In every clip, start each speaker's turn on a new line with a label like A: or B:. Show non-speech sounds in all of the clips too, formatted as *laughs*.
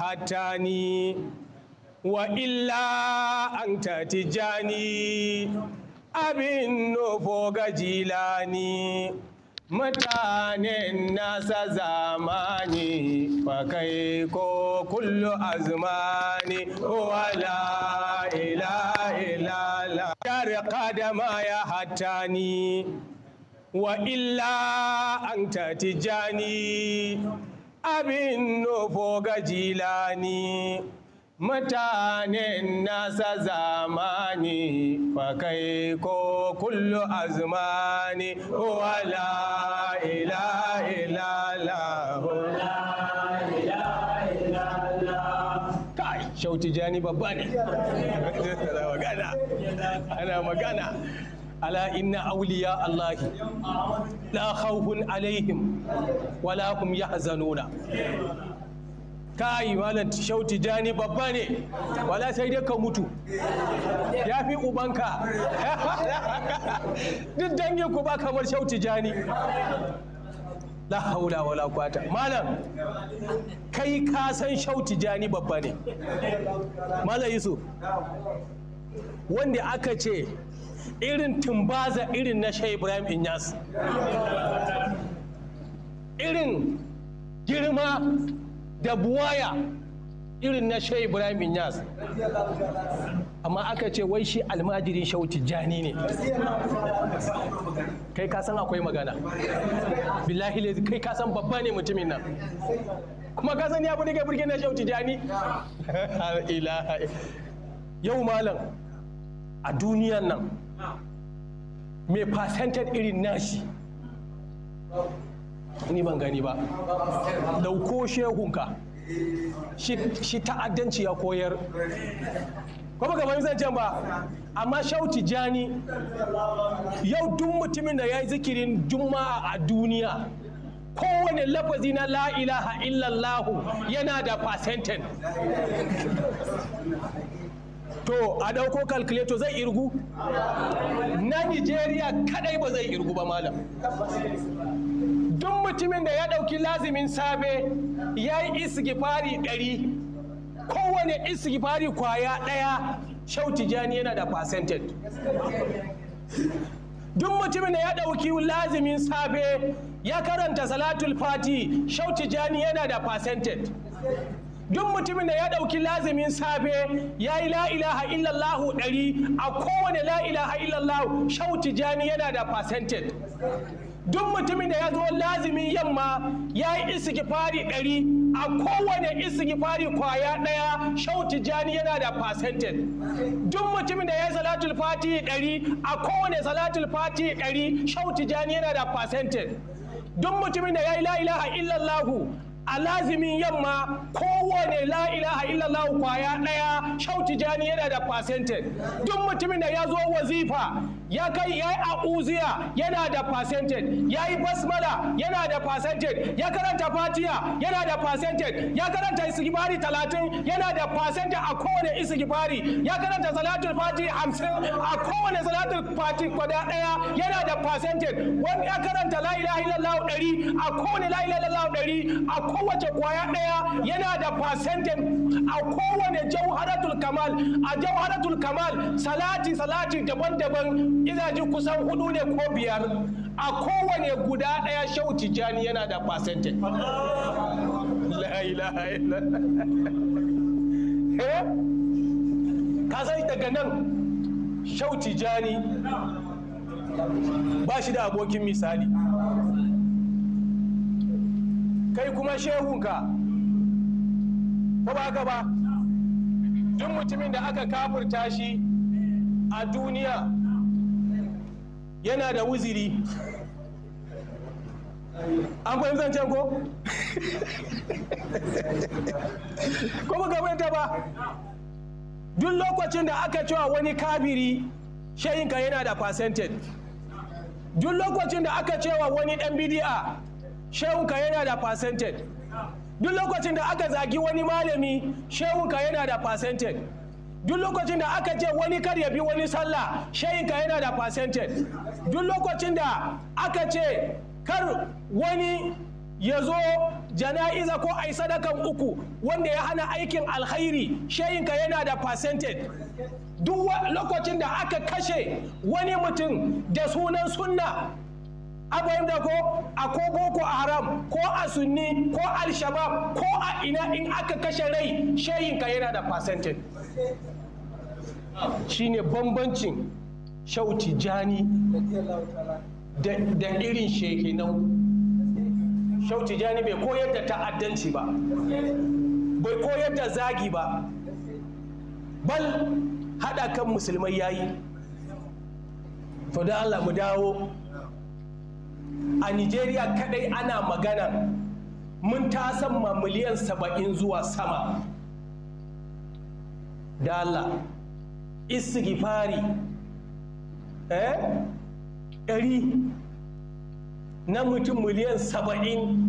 A: hatani wa illa an tatijani abin nufo gajilani mutanen nasa zamani fakai ko kullu azmani wala ila la kar kadama ya hatani wa illa an tatijani abin nufo gajilani mutanen nasa zamani fakai ko kullu azmani wala ila ila shauti jani babba ne ana magana ala inna awliya allahi la khawfun alaihim wala hum yahzanuna kai malam shauti jani babba ne wala sai dai ka mutu ya fi ubanka duk dangin ku ba kamar shauti jani la haula wala kwata malam kai ka san shauti jani babba ne malam yusuf wanda aka ce irin Timbaza irin na shai ibrahim inyas irin girma da buwaya irin na shai ibrahim inyas amma aka ce wai shi almajirin shau Jani ne kai ka san akwai magana billahi kai ka san babba ne mutumin nan kuma ka san ya bude kai burge na shau Jani *laughs* yau malam a duniyan nan mai fasentar irin nashi ni ban gani ba dauko shehunka shi ta'addanci ya koyar ko baka yin can ba amma shauti jani yau duk mutumin da ya yi zikirin juma'a a duniya kowane lafazi na la'ilaha illallahu yana da percentage to a ɗauko calculator zai irgu na nigeria kadai ba zai irgu ba malam duk mutumin da ya ɗauki lazimin safe ya yi isgifari ɗari kowane isgifari kwaya ɗaya shauti jani yana da percentage duk mutumin da ya ɗauki lazimin safe ya karanta salatul fati shauti jani yana da percentage duk mutumin da ya ɗauki lazimin safe ya yi la'ilaha illallahu ɗari a kowane la'ilaha illallahu shauti jani yana da percentage duk mutumin da ya zo lazimin yamma ya yi istighfari ɗari a kowane istighfari kwaya ɗaya shauti jani yana da percentage duk mutumin da ya yi salatul fati ɗari a kowane salatul fati ɗari shauti jani yana da percentage duk mutumin da ya yi la ilaha illallahu a lazimin yamma kowane la ilaha illallah kwaya ɗaya shauti jani yana da percentage duk mutumin da ya zo wazifa ya kai ya yi a'uziya yana da percentage ya yi basmala yana da percentage ya karanta fatiya yana da percentage ya karanta isigibari talatin yana da percentage a kowane isigibari ya karanta salatul fati hamsin a kowane salatul fati kwada ɗaya yana da percentage wani ya karanta la ilaha illallah ɗari a kowane la ilaha illallah ɗari a kowace kwaya ɗaya yana da fasentin a kowane jauharatul kamal a jauharatul kamal salati salati daban-daban ina ji kusan hudu ne ko biyar a kowane guda ɗaya shau jani yana da fasentin eh? ka zai daga nan shau jani ba shi da abokin misali kai kuma shehunka ko ba ka ba duk mutumin da aka kafurta shi a duniya yana da wuziri an zan zancen ko? *laughs* ko ba gabanta ba duk lokacin da aka cewa wani kabiri shayinka yana da percentage duk lokacin da aka cewa wani dan shehunka yana da percentage duk lokacin da aka zagi wani malami shehunka yana da percentage duk lokacin da aka ce wani kar ya bi wani sallah shehunka yana da percentage duk lokacin da aka ce kar wani ya zo jana'iza ko ai sadakan uku wanda ya hana aikin alkhairi shayinka yana da percentage duk lokacin da aka kashe wani mutum da sunan sunna abinda ko a ko boko haram ko a sunni ko al-shabab ko a ina in aka kashe rai shayinka yana da percentage shine bambancin shauti jani da irin shekinau shauti jani bai koyar da ta'addanci ba bai koyar da zagi ba bal haɗa kan musulmai yayi to da Allah mu dawo a nigeria kadai ana magana mun tasan ma miliyan saba'in zuwa sama da Allah istighfari eh ɗari na mutum miliyan saba'in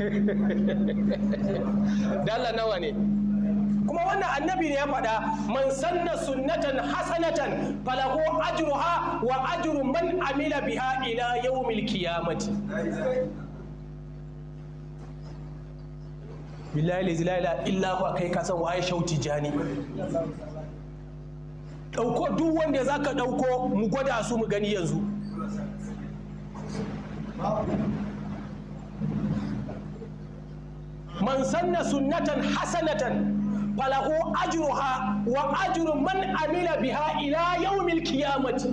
A: *laughs* dala nawa ne kuma wannan annabi ne ya faɗa man sanna sunnatan hasanatan falahu ajruha wa ajru man amila biha ila yawmil qiyamati billahi la ilaha illa hu kai ka san waye shauti jani dauko duk wanda zaka dauko mu gwada su mu gani yanzu man sanna sunnatan hasanatan falahu ajruha wa ajru man amila biha ila yawmil qiyamati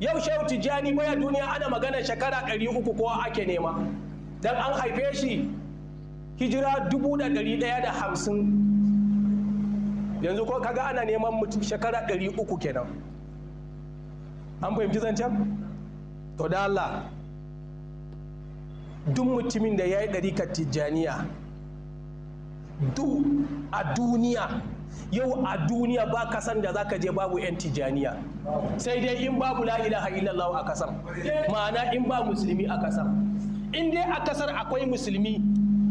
A: yau shehu tijani baya duniya ana magana shekara 300 kowa ake nema dan an haife shi hijira 1150 yanzu ko kaga ana neman mutum shekara 300 kenan an fahimci zancen to da Allah duk mutumin da ya yi ɗarikar tijjaniya duk a duniya yau a duniya ba kasan da zaka je babu 'yan tijaniya sai dai in babu la ilaha illallah a kasar ma'ana in ba musulmi a kasar in dai a kasar akwai musulmi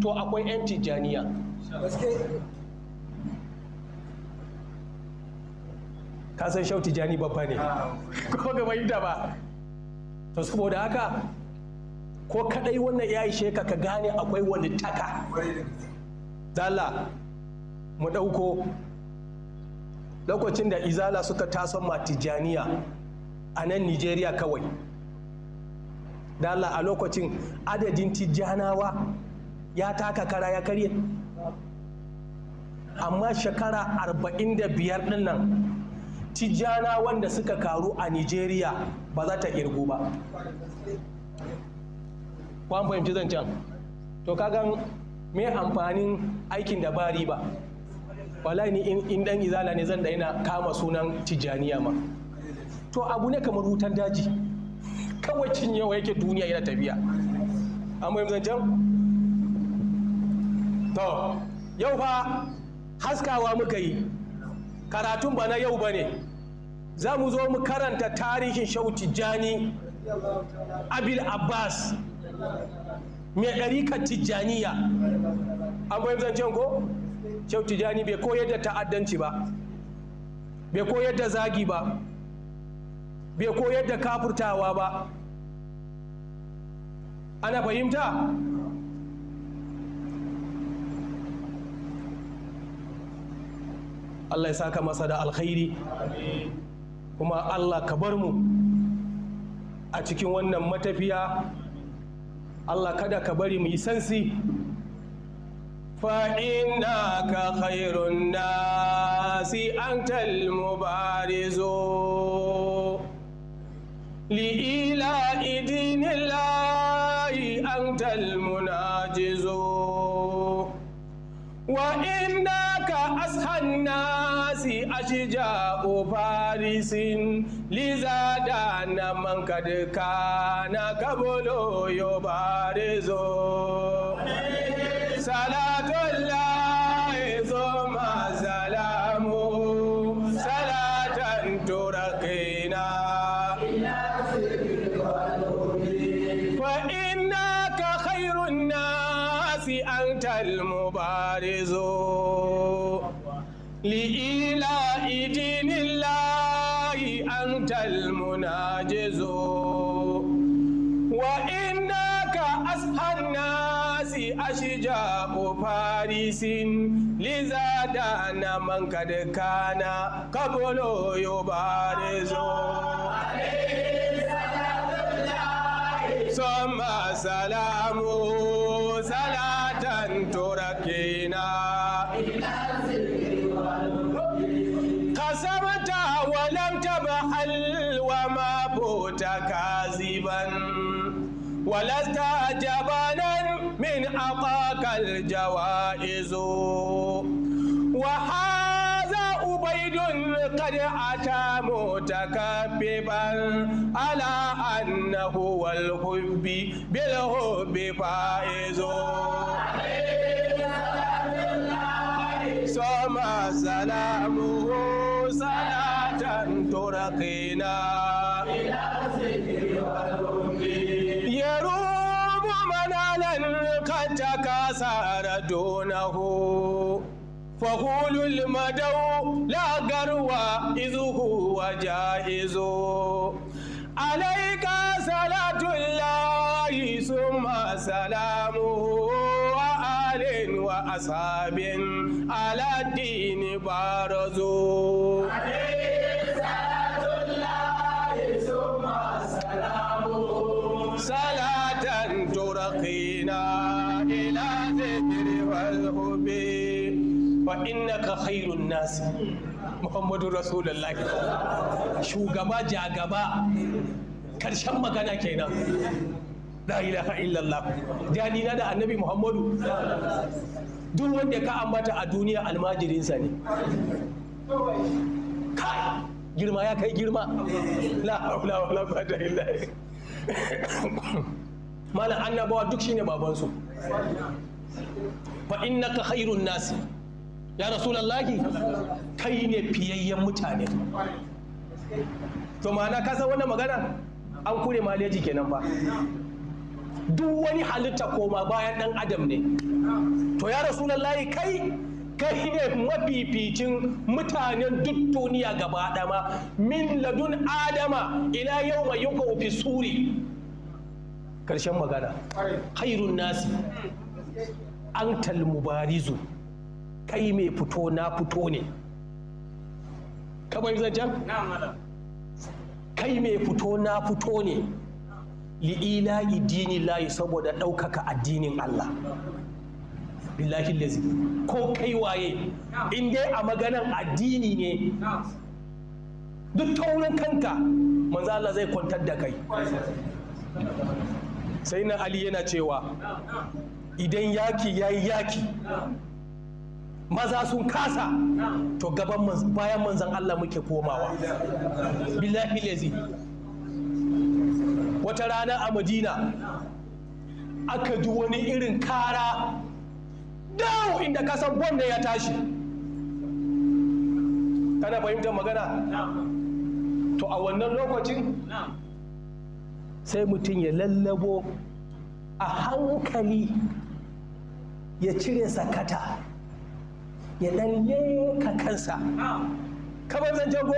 A: to akwai 'yan tijaniya ka san shau tijani babba ne ah. ko ga mai ba to saboda haka ko kadai wannan ya sheka ka gane akwai wani taka dala mu ɗauko lokacin da izala suka taso matijaniya a nan nigeria kawai dala a lokacin adadin tijanawa ya taka kara ya karye amma shekara 45 din nan tijana wanda suka karu a nigeria ba za ta irgu ba kwan fahimci zancen to kagan mai amfanin aikin dabari ba riba wallahi ni in dan izala ne zan daina kama sunan tijaniya ma to abu ne kamar wutan daji kawai cinyewa yake duniya yana tafiya amma yanzu can to yau fa haskawa muka yi karatun ba na yau ba ne za mu zo mu karanta tarihin shautijani jani abil abbas mai ɗarikar tijjaniya an fahimci zancen ko shau tijjani bai koyar da ta'addanci ba bai koyar da zagi ba bai koyar da kafurtawa ba ana fahimta Allah ya saka masa da alkhairi kuma Allah ka bar mu a cikin wannan matafiya Allah kada ka bari mu yi sansi fa’ina ka kairun Nasi si an talmu barizo li’ila idinilayi an talmu na ka ashan Nasi si a farisin لذا دان من قد كان قبل يبارز صلاة الله ثم سلام صلاة ترقينا فإنك خير الناس أنت المبارز لإله دين الله أنت المناجز وإنك أصحى الناس أشجاع فارس لذا دان من قد كان قبل يبارز ثم سلام صلاة تركينا طيبا ولست جبانا من عطاك الجوائز وهذا أبيد قد أتى متكببا على أنه والحب بالحب فائز ثم سلامه صلاة ترقينا إلى kasara dunahu fahulul madau la garwa izuhu wa jaizu alaika salatun lahi summa salamuhu wa alin wa ashabin ala dini barazu Salatan turaqina فارزقوا به فإنك خير الناس محمد رسول الله شو غبا جا magana كرشن مغانا كينا la ilaha illallah janina da annabi muhammadu duk wanda ka ambata a duniya almajirinsa ne kai girma ya kai girma la haula wala quwwata illa billah malam annabawa duk shine babansu fa naka hairun nasi ya rasulallahi kai ne fiyayyen mutane to ma'ana ka san wannan magana an kure maleji kenan ba duk wani halitta koma bayan ɗan adam ne to ya rasulallahi kai kai ne mafificin mutanen duk duniya gaba dama min ladun adama ila yau mai yi kofi suri karshen magana hairun nasi antal mubarizu kai mai fito na fito ne kamar kai mai fito na fito ne li'ila idini layi saboda ɗaukaka addinin Allah billahi lazi ko kai waye in dai a maganan addini ne duk taurin kanka manzo Allah zai kwantar da kai sai na Ali yana cewa idan yaki ya yi yaki maza sun kasa to gaban bayan manzan Allah muke komawa billahi lazi wata rana a madina aka ji wani irin kara dawo inda kasan bonda ya tashi kana fahimtar magana to a wannan lokacin sai mutum ya lallabo a hankali ya cire sakata ya dan yanka kansa kamar zan jago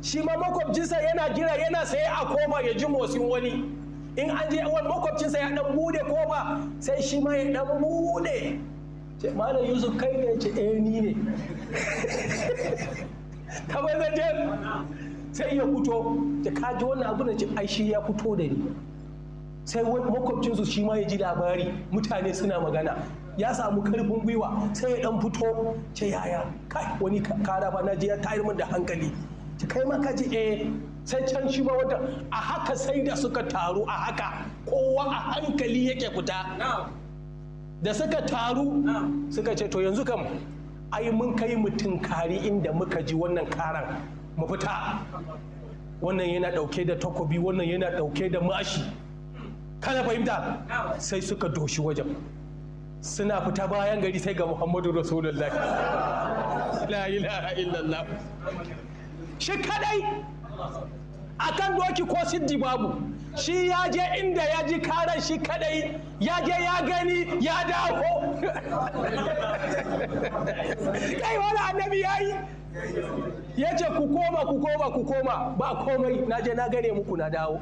A: shi ma makwabcinsa yana gira yana saye a koma ya ji motsin wani in an je wani makwabcinsa ya dan bude koma sai shi ma ya dan bude ce malam yusuf kai ne ce eh ni ne *laughs* kamar zan sai ya fito da kaji wannan abu da ce ai shi ya fito da ni sai makwabcinsu shi ma ya ji labari mutane suna magana ya samu karfin gwiwa sai ya dan fito ce yaya kai wani kara ba na je ya tayar min da hankali ta kai ma kaji eh sai can shi ma wata a haka sai da suka taru a haka kowa a hankali yake fita da suka taru suka ce to yanzu kam ai mun kai mutum kari inda muka ji wannan karan mu fita wannan yana dauke da takobi wannan yana dauke da mashi kana fahimta sai suka doshi wajen suna fita bayan gari sai ga muhammadu
B: rasulullahi la ilaha illallah
A: shi kadai akan doki ko siddi babu shi ya je inda ya ji karar shi kadai ya je ya gani ya dawo
B: *laughs* kai
A: wani annabi ya yi ya ku koma ku koma ku koma ba komai na je na gare muku na dawo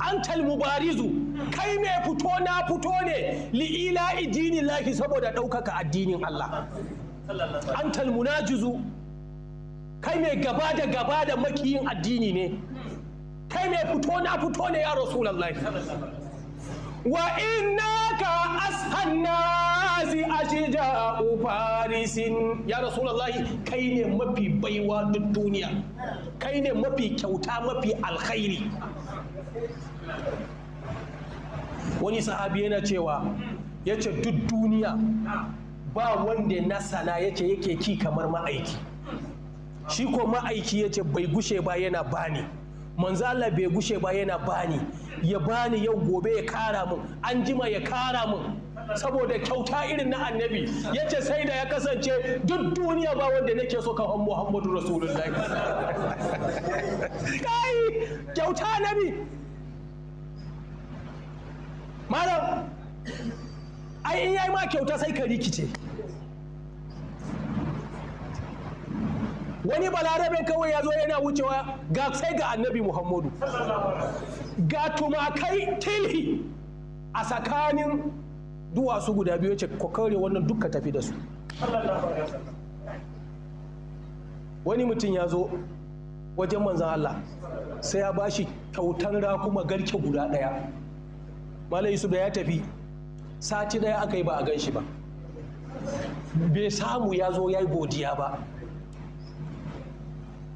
A: an mubarizu kai mai fito na fito ne li'ila idini lahi saboda ɗaukaka addinin Allah an munajizu kai mai gaba da gaba da makiyin addini ne kai mai fito na fito ne ya rasulallah Wa in naka a sannan si a cikin daɓu faranshin? Ya mafi baiwa duk duniya? ne mafi kyauta mafi alkhairi? Wani sahabi yana cewa yace duk duniya ba wanda na sana'a yake ki kamar ma'aiki? Shi ko ma'aiki yace bai gushe ba yana bani. manzo Allah bai gushe ba yana bani ya bani yau gobe ya kara mun an jima ya kara mun saboda kyauta irin na annabi ya ce sai da ya kasance duk duniya ba wanda nake so kan muhammadu rasulullahi *laughs* kai kyauta nabi malam ai in yayi ma kyauta sai ka rikice wani balarabe kawai ya zo yana wucewa ga sai ga annabi muhammadu ga tumakai tilhi a tsakanin duwatsu guda biyu ce ka wannan duka tafi da su wani mutum ya zo wajen manzan Allah sai ya bashi kyautan rakuma garke guda ɗaya mala'isu su da ya tafi sati daya aka yi ba a gan shi ba bai samu ya zo ya yi godiya ba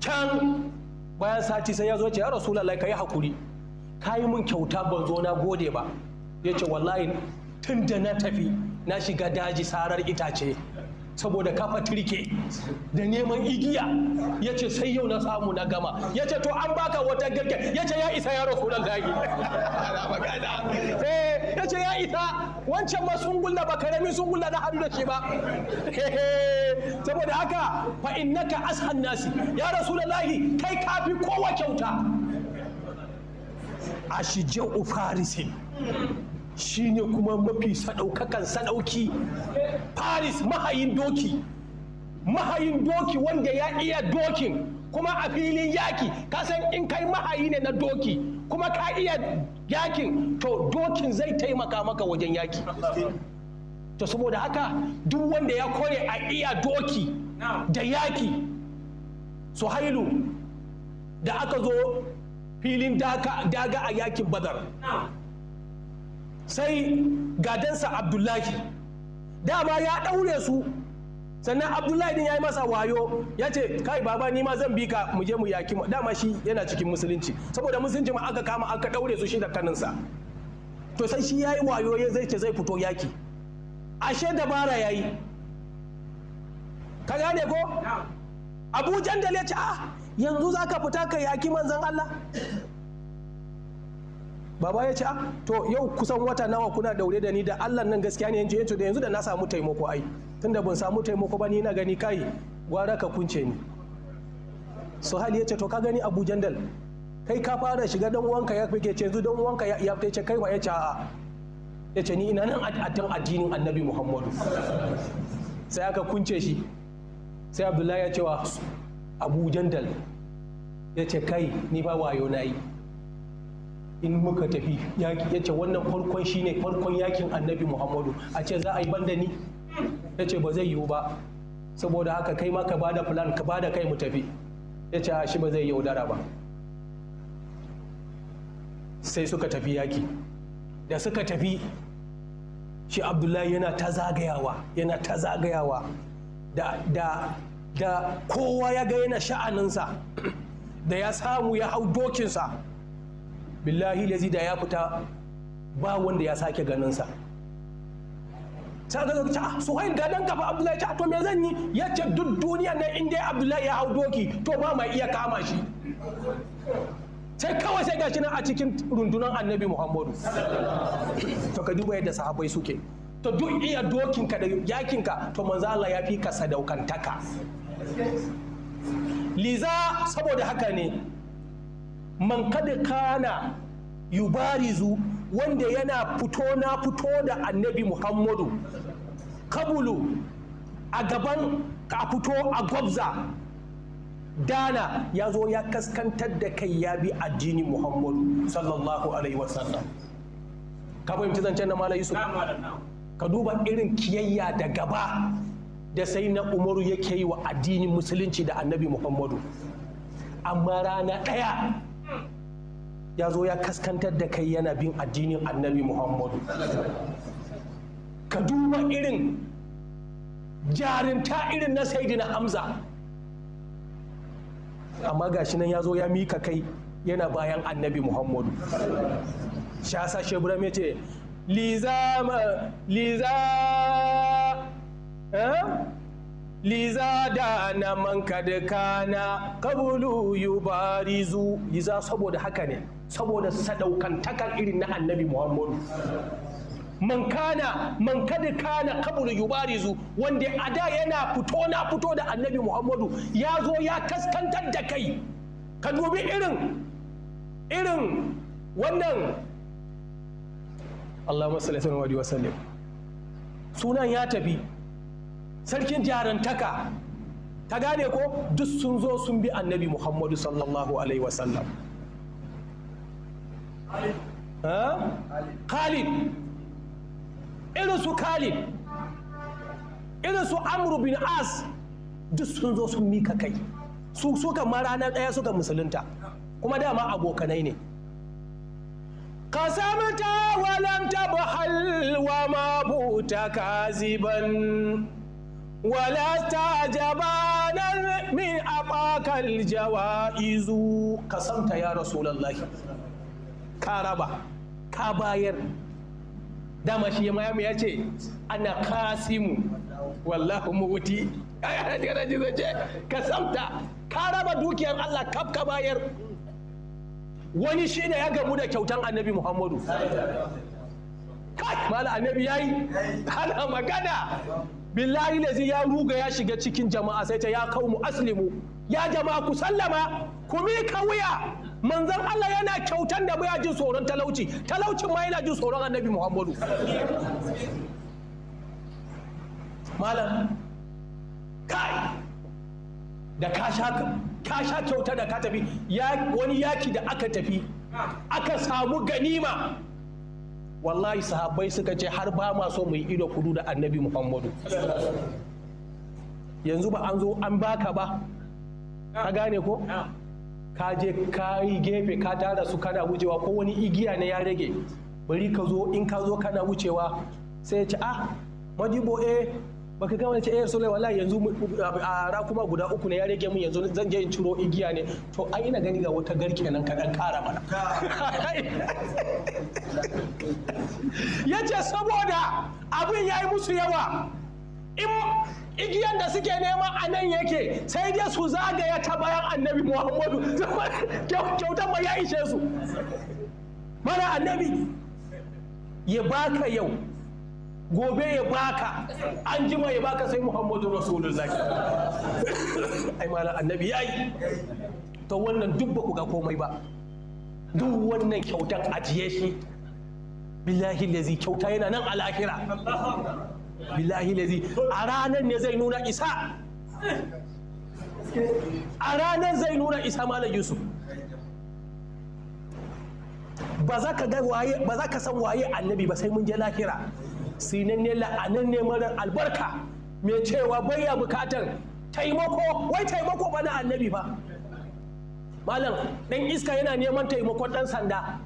A: can bayan sati sai ya zo ce ya rasulallah ka yi hakuri ka yi mun kyauta ban zo na gode ba yace wallahi tun da na tafi na shiga daji sarar itace saboda kafa turke da neman igiya ya ce sai yau na samu na gama ya ce to an baka wata girke ya ce ya isa ya sunan nan gagi eh, ya ce ya isa wancan ma sun gulla ba karami sun gulla na hannu da shi ba saboda haka fa innaka ashan nasi ya rasu rasulullahi kai kafi kowa kyauta ashijau farisin shine kuma mafi sadaukakan sadauki paris mahayin doki mahayin doki wanda ya iya dokin kuma a filin yaki kasan in kai mahayi ne na doki kuma ka iya yakin to dokin zai taimaka maka wajen yaki to saboda haka duk wanda ya kore a iya doki da yaki su hailu da aka zo filin daga a yakin badar sai gadansa abdullahi dama ya ɗaure su sannan abdullahi din ya yi masa wayo ya ce kai baba ni ma zan bi ka mu je mu yaki ma dama shi yana cikin musulunci saboda musulunci ma aka kama aka ɗaure su shi da kaninsa to sai shi ya yi wayo ya zai ce zai fito yaki ashe dabara ya yi ka gane ko abu jandale ya ce a ah, yanzu za ka fita ka yaki manzan allah baba ya ce ah to yau kusan wata nawa kuna daure da ni da Allah nan gaskiya ne yanzu da yanzu da na samu taimako ai tunda ban samu taimako ba ni na gani kai gwara ka kunce ni Suhail ya ce to ka gani Abu Jandal kai ka fara shiga dan uwanka ya fike ce yanzu dan uwanka ya fike ce kai ba ya ce a ya ce ni ina nan a addinin Annabi Muhammadu sai aka kunce shi sai Abdullahi ya ce wa Abu Jandal ya ce kai ni ba wayo na yi in muka tafi ya ce wannan farkon shine farkon yakin annabi muhammadu a ce za a yi banda ni ya ce ba zai yiwu ba saboda haka kai ma ka bada plan ka bada kai mu tafi ya ce shi ba zai yaudara ba sai suka tafi yaki da suka tafi shi abdullahi yana ta zagayawa yana ta zagayawa da, da kowa ya ga yana sha'aninsa da ya samu ya hau dokinsa billahi lazi da ya fita ba wanda ya sake ganinsa sai ah, ga ta ai ga dan kafa abdullahi ta ah, to me zan yi ya ce duk duniya na in dai abdullahi ya hau doki to ba mai iya kama shi sai kawai sai gashi nan a cikin rundunar annabi muhammadu to ka duba yadda sahabbai suke to duk iya dokinka da ka to manzo Allah ya fi ka sadaukantaka liza saboda haka ne man kada kana yubarizu wanda yana fito na fito da annabi muhammadu kabulu a gaban ka fito a gwabza dana ya zo ya kaskantar da kai ya bi addini muhammadu sallallahu alaihi wasallam ka fahimci zancen na malayi su. ka duba irin kiyayya da gaba da sai na umaru yake yi wa addinin musulunci da annabi muhammadu amma rana ɗaya ya zo ya kaskantar da kai yana bin addinin annabi muhammadu ka duba irin jarinta irin na saidina hamza amma ga shi nan ya zo ya mika kai yana bayan annabi muhammadu shasa shebura mai ce liza liza eh? liza da na manka da kana kabulu yubarizu. liza saboda haka ne saboda sadaukantakar irin na annabi muhammadu man kana man kada kana kabulu yubarizu wanda a da yana fito na fito da annabi muhammadu ya zo ya kaskantar da kai ka dubi irin irin wannan Allah masalatan wa sallam sunan ya tafi sarkin jarantaka ta gane ko duk sun zo sun bi annabi muhammadu sallallahu alaihi wasallam khalid irin su khalid irin su amru bin as duk sun zo sun mika kai su suka ma daya suka musulunta kuma dama abokanai ne kasamta walanta tabhal wa ma buta kaziban wala ta jabanar min abakal jawa'izu ka samta ya rasulallahi ka raba ka bayar dama shi ya mayami ya ce ana kasimu wallahu muti ka samta ka raba dukiyar Allah kaf ka bayar wani shi ne ya gamu da kyautan annabi Muhammadu kai mala annabi yayi hana magana billahi lazi ya ruga ya shiga cikin jama'a sai ta ya mu aslimu ya jama'a ku sallama ku ka wuya manzon Allah yana kyautan da baya jin tsoron talauci talaucin ma yana jin tsoron annabi Muhammadu malam kai da ka sha ka sha kyauta da ka tafi wani yaki da aka tafi aka samu ganima wallahi sahabbai suka ce har ba ma so mai ido kudu da annabi muhammadu yanzu ba an zo an baka ba ka gane ko ka je ka yi gefe ka tara su kana wucewa ko wani igiya ne ya rage bari ka zo in ka zo kana wucewa sai ya ce ah majibo eh baka ga ne ce eh rasulai wallahi yanzu a rakuma guda uku ne ya rage mun yanzu zan je in ciro igiya ne to ai ina gani ga wata garke nan ka dan kara mana *laughs* yace saboda abin yayi musu yawa in igiyan da suke nema a nan yake sai dai su zagaya ta bayan annabi muhammadu *laughs* kyautar ba ya ishe su mana annabi ya baka yau gobe ya baka an jima ya baka sai muhammadu rasulullahi ai malam annabi yayi to wannan duk ba ku ga komai ba duk wannan kyautan ajiye shi billahi lazi kyauta yana nan al'akira billahi lazi a ranar ne zai nuna isa a ranar zai nuna isa malam yusuf ba za ka san waye annabi ba sai mun je lahira sinanne la'ananne marar albarka mai cewa baya bukatar taimako wai taimako ba na annabi ba malam dan iska yana neman taimakon dan sanda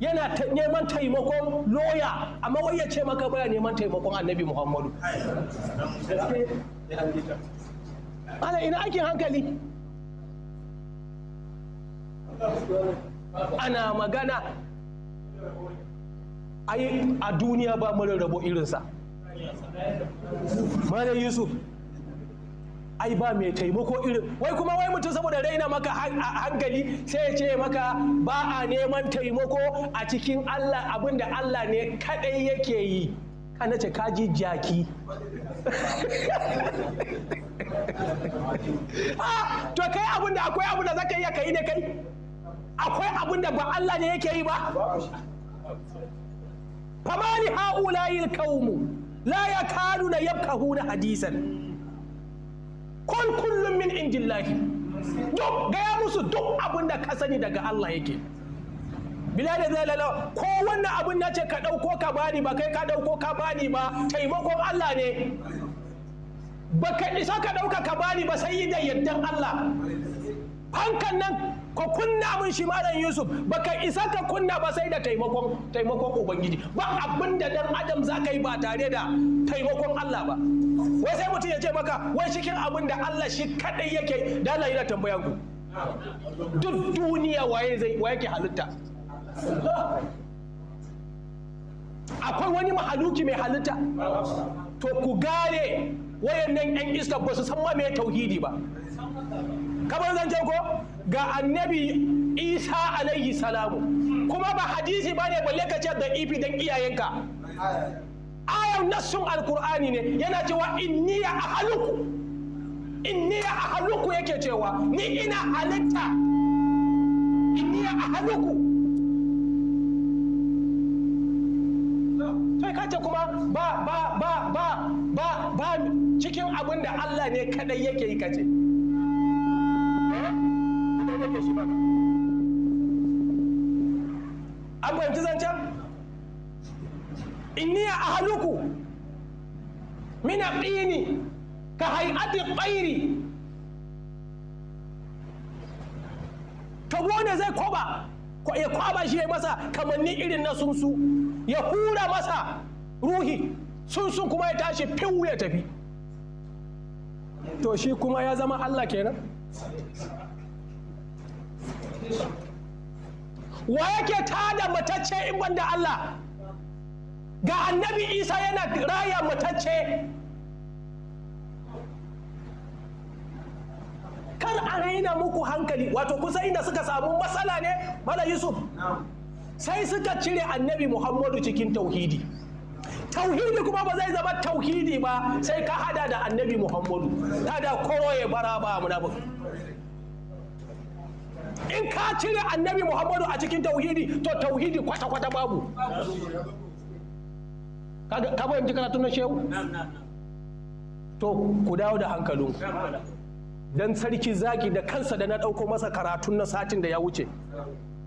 A: yana neman taimakon loya amma wai ya ce maka baya neman taimakon annabi muhammadu malam ina aikin hankali ana magana ai a duniya ba mara rabo irinsa malam yusuf ai ba mai taimako irin wai kuma wai mutum saboda raina maka hankali sai ya ce maka ba a neman taimako a cikin allah abinda allah ne kadai yake yi kana ce kaji jaki *laughs* ah, to kai abinda akwai abinda zaka yi kai ne kai akwai abinda ba allah ne yake yi ba famali yi qaumu la yakaduna huna hadisan kun kullum min indillahi duk gaya musu duk abin da ka sani daga Allah yake da zai lalo ko wannan abin na ce ka ɗauko ka bani ba kai ka ɗauko ka bani ba taimakon Allah ne ba ka isa ka ɗauka ka bani ba sai yi da yardan Allah fankan nan ka kunna min shi malam yusuf baka isa ka kunna ba sai da taimakon taimakon ubangiji ba abin da dan adam za ka yi ba tare da taimakon allah ba wai sai mutum ya ce maka wai shikin abin da allah shi kadai yake da allah yana tambaya ku duk duniya waye zai waye ke halitta akwai wani mahaluki mai halitta to ku gane wayannan yan iska ba su san ma me tauhidi ba kamar zan ko ga annabi isa alaihi salamu kuma ba hadisi ba ne balle ka ce da ifi don iyayenka ayar nassun alkur'ani ne yana cewa inni ya ahaluku inni ya ahaluku yake cewa ni ina halitta inni ya ahaluku sai kace kuma ba ba ba ba ba cikin abin da Allah ne kadai yake yi kace da shi ba an fahimci zancen inniya haluku min aqini ka hay'ati ɓairi tabo ne zai koba ya kwaba shi ya masa kamanni irin na sunsu ya hura masa ruhi sunsun kuma ya tashi fiwu ya tafi to shi kuma ya zama Allah kenan wa yake tada matacce in banda Allah ga annabi isa yana raya matacce kar a raina muku hankali wato kusa inda suka samu matsala ne mala yusuf sai suka cire annabi muhammadu cikin tauhidi tauhidi kuma ba zai zama tauhidi ba sai ka hada da annabi muhammadu kada kowa ya bara ba munafiki in ka cire annabi muhammadu a cikin tauhidi to tauhidi kwata-kwata babu ka bayan fahimci karatun na shehu to ku dawo da hankalin Don sarki zaki da kansa da na ɗauko masa karatun na satin da ya wuce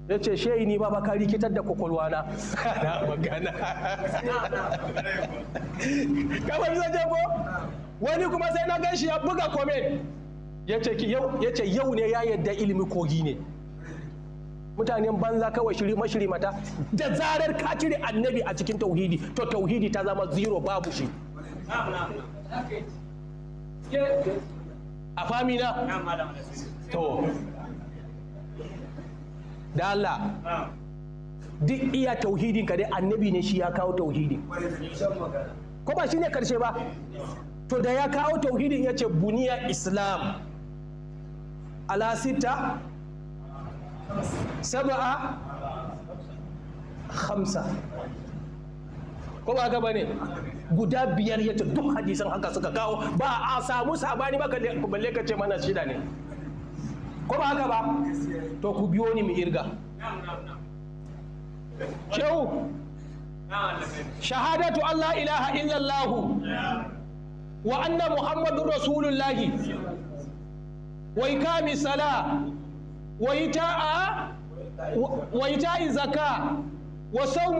A: ya ce shehi ni ba ka rikitar da kwakwalwa *laughs* na magana kamar zaje ko wani kuma sai na gan shi ya buga komen Ya ce yau ne ya yadda ilimi kogi ne mutanen banza kawai shiri mashiri mata da zarar ka cire annabi a cikin tauhidi to tauhidi ta zama zero babu shi a famina to da Allah duk iya tauhidin ka dai annabi ne shi ya kawo tauhidin ko ba shi ne karshe ba to da ya kawo tauhidin ya ce buniya islam ala sita saba'a hamsa ko ba gaba ne guda biyar ya ta duk hadisan haka suka kawo ba a samu sabani ba balle ka ce mana shida ne ko ba haka ba to ku biyo ni mu irga shehu shahadatu Allah ilaha illallahu wa anna muhammadun rasulullahi yi zaka wa وإيتاء الزكاة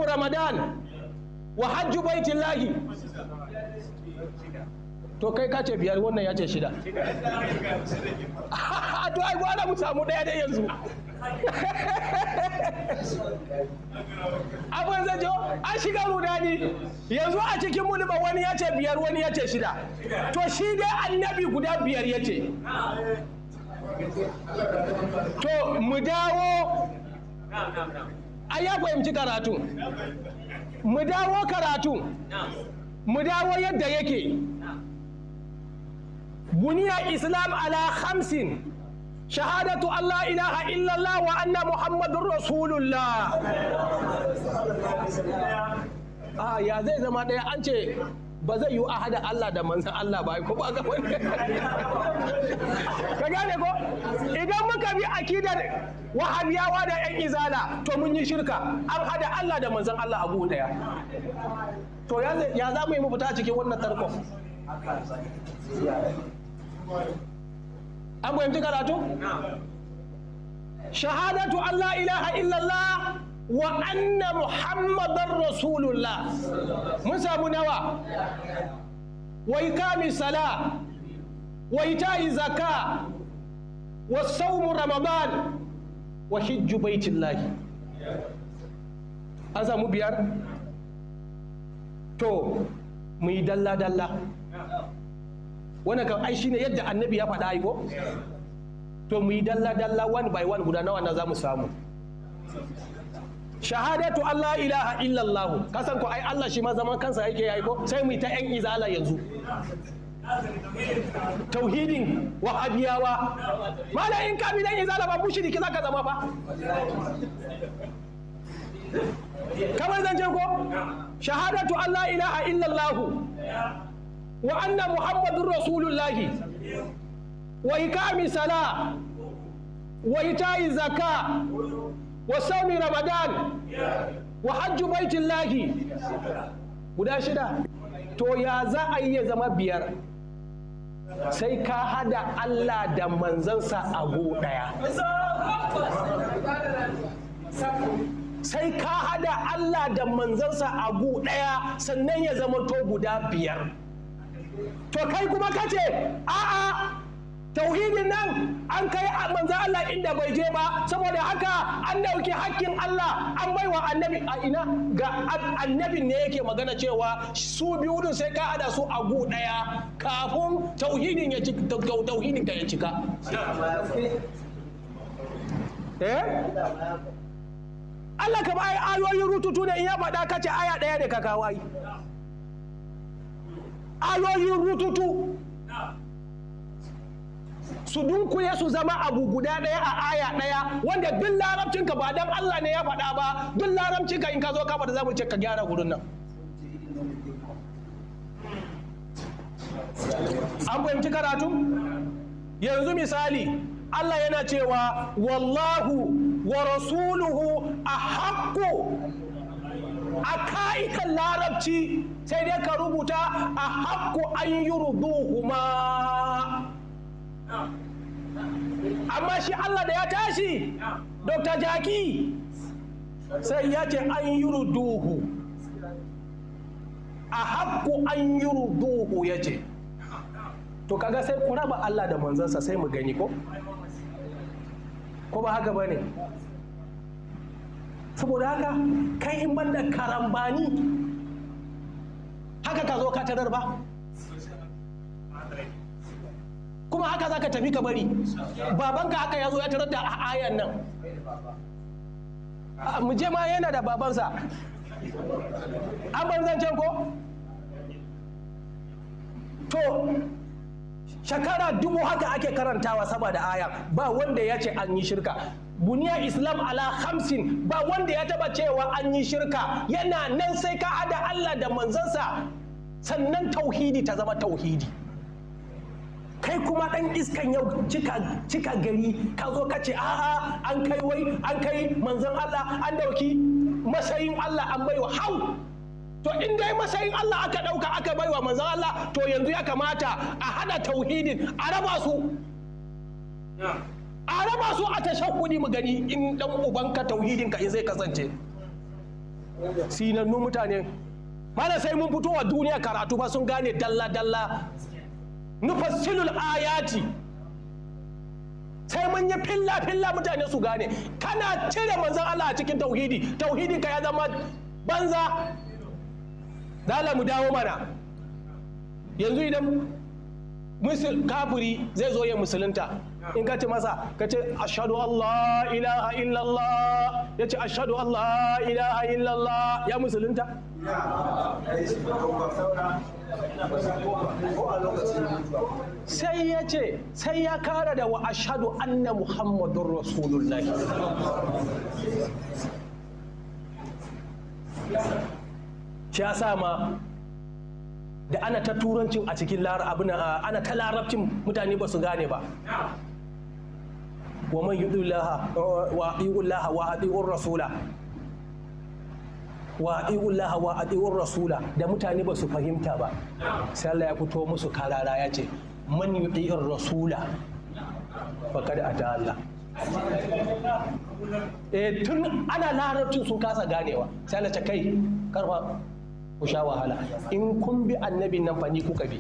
A: Ramadan wa وحج بيت lahi to kai ka ce biyar wannan ya ce shida
B: a *laughs* to ai
A: gwada mu samu daya dai yanzu *laughs* abin zajo an shiga rudani yanzu a cikin mu ba wani ya ce biyar wani ya ce shida to shi dai annabi guda biyar ya ce to mu dawo a ya fahimci karatu mu dawo karatu mu dawo yadda yake buniya islam ala hamsin shahadatu allah ilaha illallah wa anna muhammadun rasulullah a ah, ya zai zama ɗaya an ce ba zai yi a hada Allah da manzan Allah ba ko ba ga wani ka gane ko idan muka bi akidar wahabiyawa da yan izala to mun yi shirka an hada Allah da manzan Allah a buhu daya to ya za mu yi mu cikin wannan tarkon an fahimci karatu shahadatu Allah ilaha illallah wa anna muhammadan rasulullah mun samu nawa wa ikami sala wa ita'i zaka wa saumu ramadan wa hijju baitillahi an samu biyar to mu yi dalla-dalla wannan kan ai shine yadda annabi ya faɗa aiko to mu yi dalla-dalla one by one guda nawa na za mu samu shahadatu Allah ilaha illallah kasan ku ai Allah shi ma zaman kansa yake yayi ko sai mu ta yan izala yanzu tauhidin wahabiyawa mala in ka bidan izala ba mushriki zaka zama fa kamar zance ko shahadatu Allah ilaha illallah wa anna muhammadur rasulullahi wa ikami sala wa ita'i zakat ramadan wa Ramadan? baitin lahi guda shida to ya za a yi ya zama biyar sai ka hada Allah da manzansa a daya sai ka hada Allah da manzansa a daya ɗaya sannan ya zama to guda biyar to kai kuma kace a'a tauhidin nan an kai manzo Allah inda bai je ba saboda haka an dauki hakkin Allah an baiwa annabi a ina ga annabin ne yake magana cewa su biyu din sai ka ada su a gu daya kafin tauhidin ya cika tauhidin ka ya cika eh Allah ka bai ayoyin rututu ne in ya faɗa kace aya daya ne ka kawai ayoyin rututu su dunkule su zama abu guda ɗaya a aya ɗaya wanda duk larabcinka ba dan Allah ne ya faɗa ba duk larabcinka in ka zo ka da zamu ce ka gyara gurin nan an fahimci karatu yanzu misali Allah yana cewa wallahu wa rasuluhu a haƙƙo a ka'ikan larabci sai dai ka rubuta a haƙƙo an yi kuma. amma shi Allah da ya tashi Dr. Jaki sai ya ce an yi ruduhu a haƙƙu an yi ruduhu ya ce to kaga sai ku raba Allah da manzansa sai mu gani ko ko ba haka ba ne saboda haka kai in banda karambani haka ka zo ka tarar ba kuma haka za ka tafi ka bari babanka haka ya zo ya tarar da ayan nan mu je ma yana da babansa an banzancen ko to shekara dubu haka ake karantawa saboda aya ba wanda ya ce an yi shirka buniya islam ala hamsin ba wanda ya taba cewa an yi shirka yana nan sai ka hada allah da manzansa sannan tauhidi ta zama tauhidi kai kuma dan iskan yau cika cika gari ka zo ka ce a'a an kai wai an kai manzon Allah an dauki masayin Allah an baiwa hau to in dai masayin Allah aka dauka aka baiwa manzon Allah to yanzu ya kamata a hada tauhidin a raba su a raba su a tashahudi mu gani in dan ubanka tauhidin ka in zai kasance sinannu mutane mana sai mun fito wa duniya karatu ba sun gane dalla dalla nufassilul ayati sai mun yi filla filla mutane su gane kana cire manzan Allah a cikin tauhidi tauhidin ka ya zama banza dala mu dawo mana yanzu idan kafiri zai zo ya musulunta in ka ce masa ka ce ashadu Allah ilaha illallah ya ce ashadu Allah ilaha illallah ya musulunta sai ya ce sai ya kara da wa ashadu anna muhammadun rasulullahi ya sa ma da ana ta turancin a cikin ana ta larabcin mutane ba su gane ba wa man yudu wa atiu rasula da mutane ba su fahimta ba sai ya fito musu karara ce man rasula Allah eh tun ana larabcin sun kasa ganewa sai ta kai karfa ku sha wahala in kun bi annabi nan fa ni kuka bi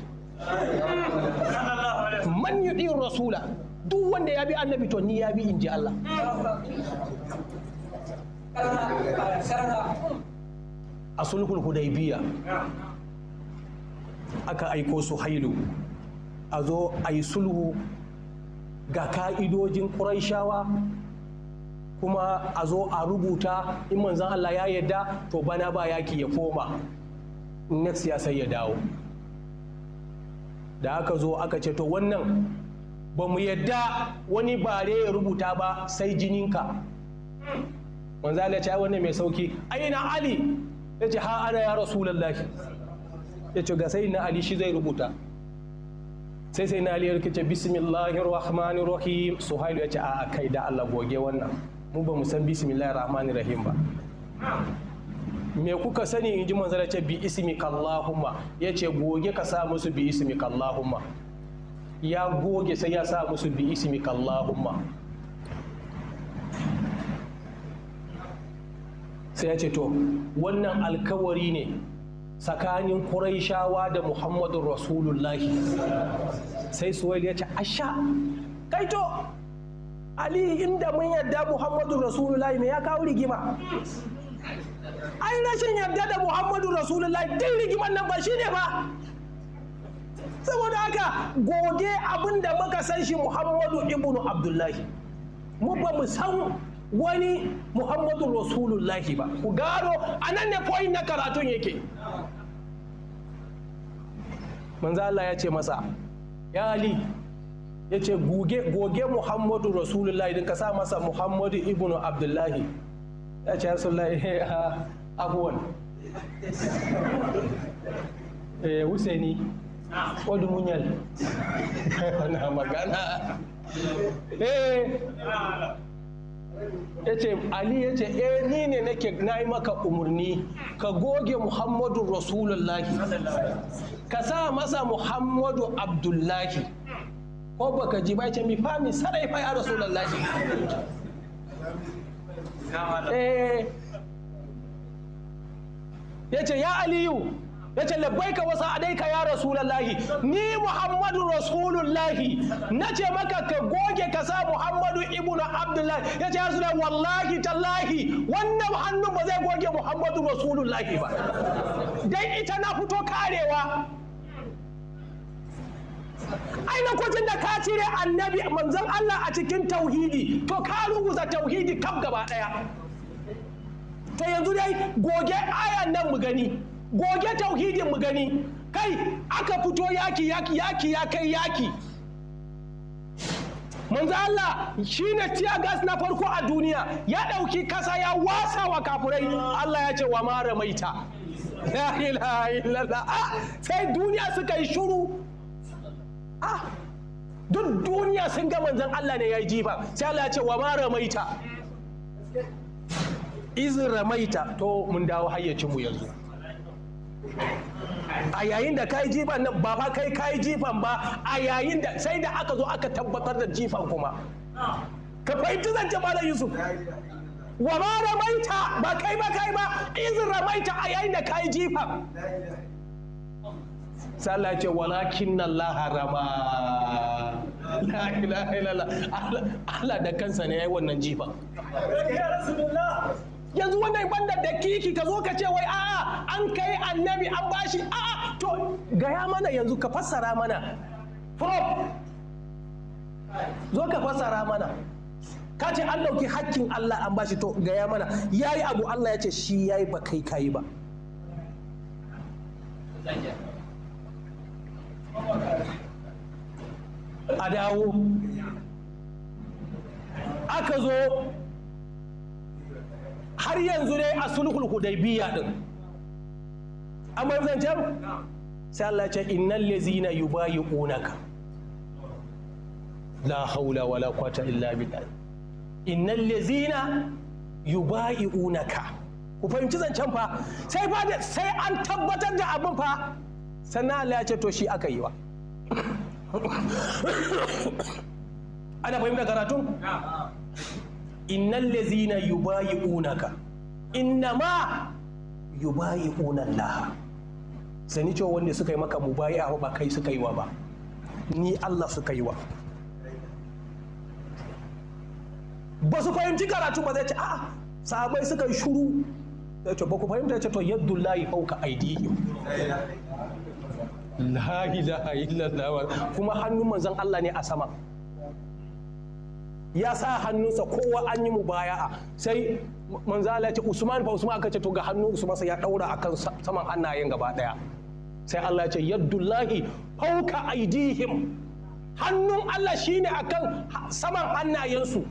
A: man yudi'ir rasula duk wanda ya bi annabi to ni ya bi in ji Allah a sulhul hudaybiya aka aiko su hailu a zo a yi sulhu ga ka'idojin ƙuraishawa kuma a zo a rubuta in manzan Allah ya yadda to bana ba yaki ya koma next ya sai ya dawo da aka zo aka ce to wannan ba mu yadda wani bare ya rubuta ba sai jininka wanzu ya ce wannan mai sauki aina ali ya ce ha ana ya rasulullahi ya ce ga sai na ali shi zai rubuta sai sai na ali ya rikice bismillahir rahmanir rahim suhailu ya ce a kai da Allah goge wannan mu ba mu san bismillahir rahmanir rahim ba me kuka sani in ji manzara ce bi ismi kallahumma ya ce goge ka sa musu bi ismi kallahumma ya goge sai ya sa musu bi ismi kallahumma sai ya ce to wannan alkawari ne tsakanin Qurayshawa da Muhammadun Rasulullahi sai Suwail ya ce asha kaito Ali inda mun yadda Muhammadun Rasulullahi me ya kawo rigima ai rashin yadda da Muhammadun Rasulullahi din rigiman nan ba ne ba saboda haka gode abin da muka san shi muhammadu ibnu abdullahi mu ba mu san wani muhammadu rasulullahi ba ku gano a nan ne point na karatun yake manzo Allah ya ce masa ya ali ya ce goge muhammadu rasulullahi din ka sa masa muhammadu ibnu abdullahi ya ce rasulullahi abuwan *laughs* eh, ah, *laughs* eh husaini ko munyal na magana eh yace ce ali yace ce eh ni ne nake nayi maka umarni ka goge muhammadu rasulullahi ka sa masa muhammadu abdullahi ko baka ji ba ce mi fami sarai fa ya rasulullahi eh ya ya aliyu ya ce labbaika wasu adaika ya rasulallahi ni muhammadu rasulullahi na ce maka ka goge ka sa muhammadu ibn abdullahi ya ce ya wallahi tallahi wannan hannun ba zai goge muhammadu rasulullahi ba dai ita na fito karewa aina lokacin da ka cire annabi manzon Allah a cikin tauhidi to ka ruguza tauhidi kaf gaba daya to yanzu dai goge ayan nan mu gani goge tauhidin mu gani kai aka fito yaki yaki yaki ya kai yaki manzo Allah shine tear gas na farko a duniya ya ɗauki kasa ya wasa wa kafurai Allah ya ce wa ma ramaita la ilaha illallah ah, sai duniya suka yi shuru ah duk duniya sun ga manzon Allah ne ya yi jifa sai Allah ya ce wa ma maita? iz ramaita to mun dawo hayyacinmu yanzu a yayin da kai jifan nan ba ba kai kai jifan ba a yayin da sai da aka zo aka tabbatar da jifan kuma ka fahimci zance malam yusuf wa ma ramaita ba kai ba kai ba izin ramaita a yayin da kai jifan sallah ce walakin nan laharama la Allah da kansa ne ya yi wannan jifan yanzu wannan banda da kiki ka zo ka ce wai a'a an kai annabi an bashi a'a to gaya mana yanzu ka fassara mana prop zo ka fassara mana ka ce an ɗauki hakkin Allah an bashi to gaya mana Ya yi abu Allah ya ce shi ya yi ba kai yi ba a dawo aka zo har yanzu dai a sulhul hudaybiya din an bar zancen sai Allah ce innal ladzina yubayi'unaka la haula wala quwwata illa billah innal ladzina yubayi'unaka ku fahimci zancen fa sai fa sai an tabbatar da abin fa sannan Allah ya ce to shi aka yi wa *coughs* ana fahimta karatun innal ladzina yi innama yubayi'una Allah sani cewa wanda suka yi maka mu a ba kai suka yi wa ba ni Allah suka yi wa ba su fahimci karatu ba zai ce a sahabai suka yi shuru zai ce ba ku fahimta ce to yaddu layi fauka aidihi la ilaha illallah kuma hannun manzon Allah ne a sama ya sa hannunsa kowa an yi mubaya'a sai manzala ce usman fa usman aka ce to ga hannun usman sai ya daura akan saman hannayen gaba daya sai Allah ya ce yaddullahi fauka aidihim hannun Allah shine akan saman hannayensu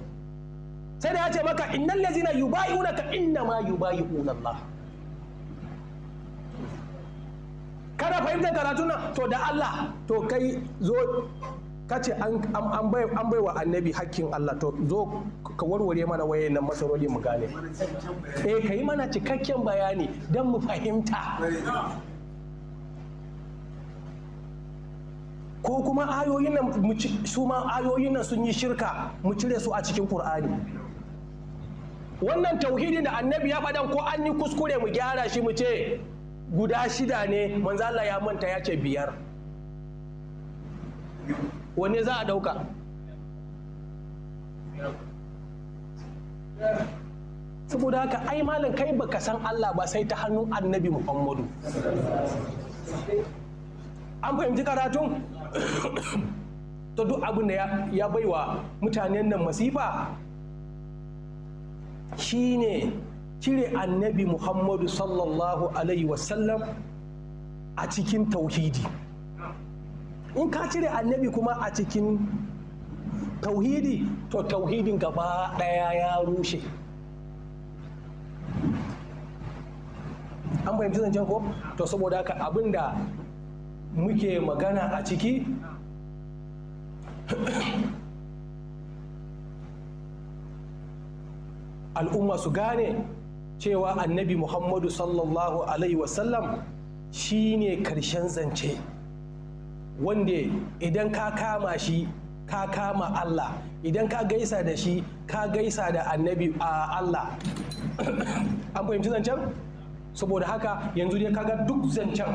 A: sai da ya ce maka innal ladzina yubai'unaka inna ma yubai'una Allah kana fahimtar karatun nan to da Allah to kai zo ta ce an bai wa annabi hakkin Allah to zo ka warware mana wayan nan masaroli mu gane eh ka yi mana cikakken bayani don mu fahimta ko kuma ayoyin nan su ma ayoyin nan sun yi shirka mu cire su a cikin Kur'ani. wannan Tauhidi da annabi ya faɗan ko an yi kuskure mu gyara shi mu ce guda shida ne manzo Allah ya manta ya ce biyar wanne za a ɗauka saboda haka ai malam kai baka san Allah ba sai ta hannun annabi Muhammadu an fahimci karatun *coughs* to duk abin da ya baiwa mutanen nan masifa shine cire annabi Muhammadu sallallahu alaihi wasallam a cikin tauhidi. in ka cire annabi kuma a cikin tauhidi to tauhidin gaba ɗaya ya rushe an fahimci zancen ko to saboda haka abinda muke magana a ciki *coughs* al'umma su gane cewa annabi muhammadu sallallahu alaihi wasallam shi karshen zance wanda idan ka kama shi ka kama Allah idan ka gaisa da shi ka gaisa da annabi a Allah *coughs* an fahimci zancen saboda haka yanzu dai kaga duk zancen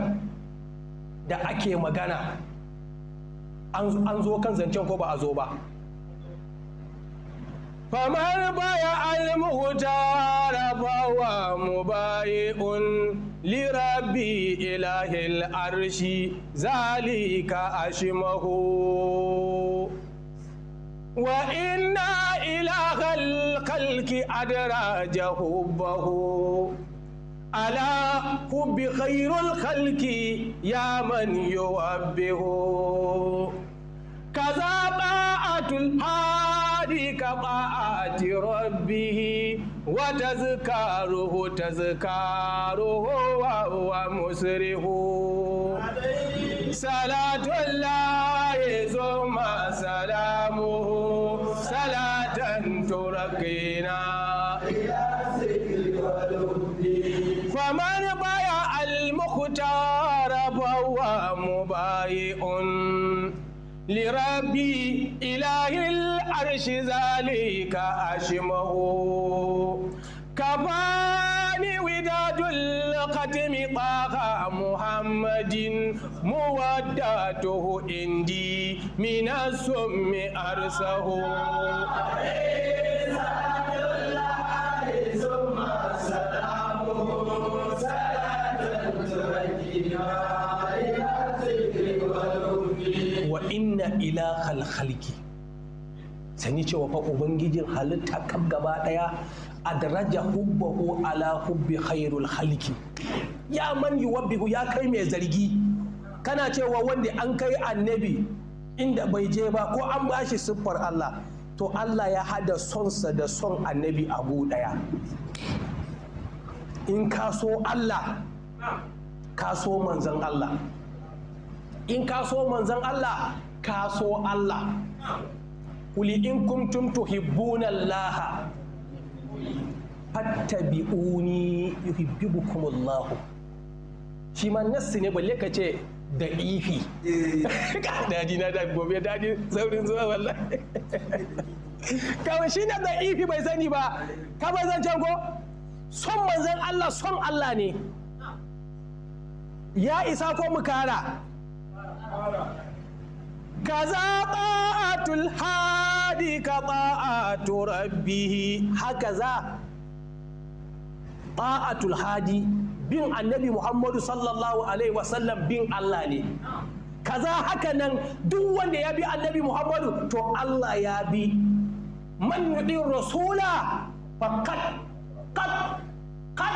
A: da ake magana an zo kan zancen ko ba a zo ba famar baya almuhtar fawa mubayi'un lirabbi ilahil arshi zalika ashimahu wa inna ilahal kalki adraja hubbahu على حب خير الخلق يا من يوبه كذا باعة الحال i kama ajiye robihi wa tazuka ruhu wa musu ri hu salaton layi zoma salamu salatanturki na. fa ma na baya alamu ta rabawa mu لربي إله العرش ذلك أشمه كفاني وداد القدم طه محمد مودته عندي من السم أرسه halhalki halki sani cewa fa ubangijin halitta kan gaba daya daraja hubbahu ala hubbi khairul halki ya man yuwabbihu ya kai mai zargi kana cewa wanda an kai annabi inda bai je ba ko an bashi siffar Allah to Allah ya hada sonsa da son annabi abu daya in ka so Allah ka so manzan Allah in ka so manzan Allah ka so Allah kuli in kuntum tuhibbuna Allah fattabi'uni yuhibbukumullahu shi ma nassi ne balle ka ce da ifi eh. *laughs* Dadi na da gobe dadi saurin zuwa wallahi kawai shi ne da ifi bai sani ba ka bai zan ko son manzan Allah son Allah ne ya isa ko mu kara kaza ta'atul hadi ka ta'atu rabbihi hakaza ta'atul hadi bin annabi muhammadu sallallahu alaihi wasallam bin allah ne kaza haka nan duk wanda ya bi annabi muhammadu to allah ya bi man yudi rasula faqat kat kat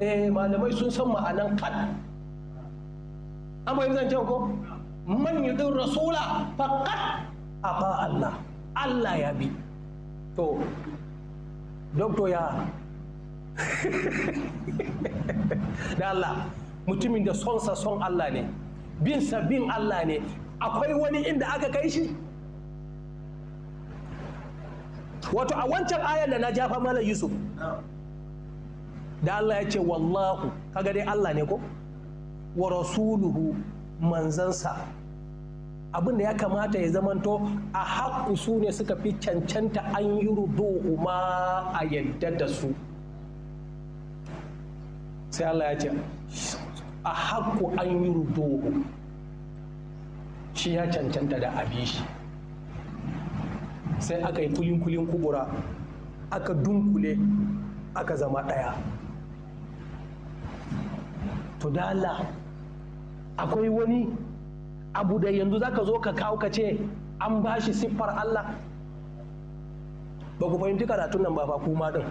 A: eh malamai sun san ma'anan kat amma yanzu zancen ko man yudin rasula faqat aba Allah Allah ya bi to dokto ya *laughs* da Allah mutumin da sonsa son Allah ne bin bin Allah ne akwai wani inda aka kai shi wato a wancan ayar da na jafa mana yusuf da Allah ya ce wallahu kaga dai Allah ne ko wa rasuluhu manzansa abin da ya kamata ya zamanto a haƙƙu su ne suka fi cancanta an yi ma a yadda da su sai Allah ya ce a haƙƙu an yi rudu shi ya cancanta da abin shi sai aka yi kulin-kulin kubura aka dunkule aka zama ɗaya to da Allah akwai wani abu da yanzu zaka zo ka kawo ka ce an bashi siffar Allah ba ku fahimci karatun nan ba fa kuma din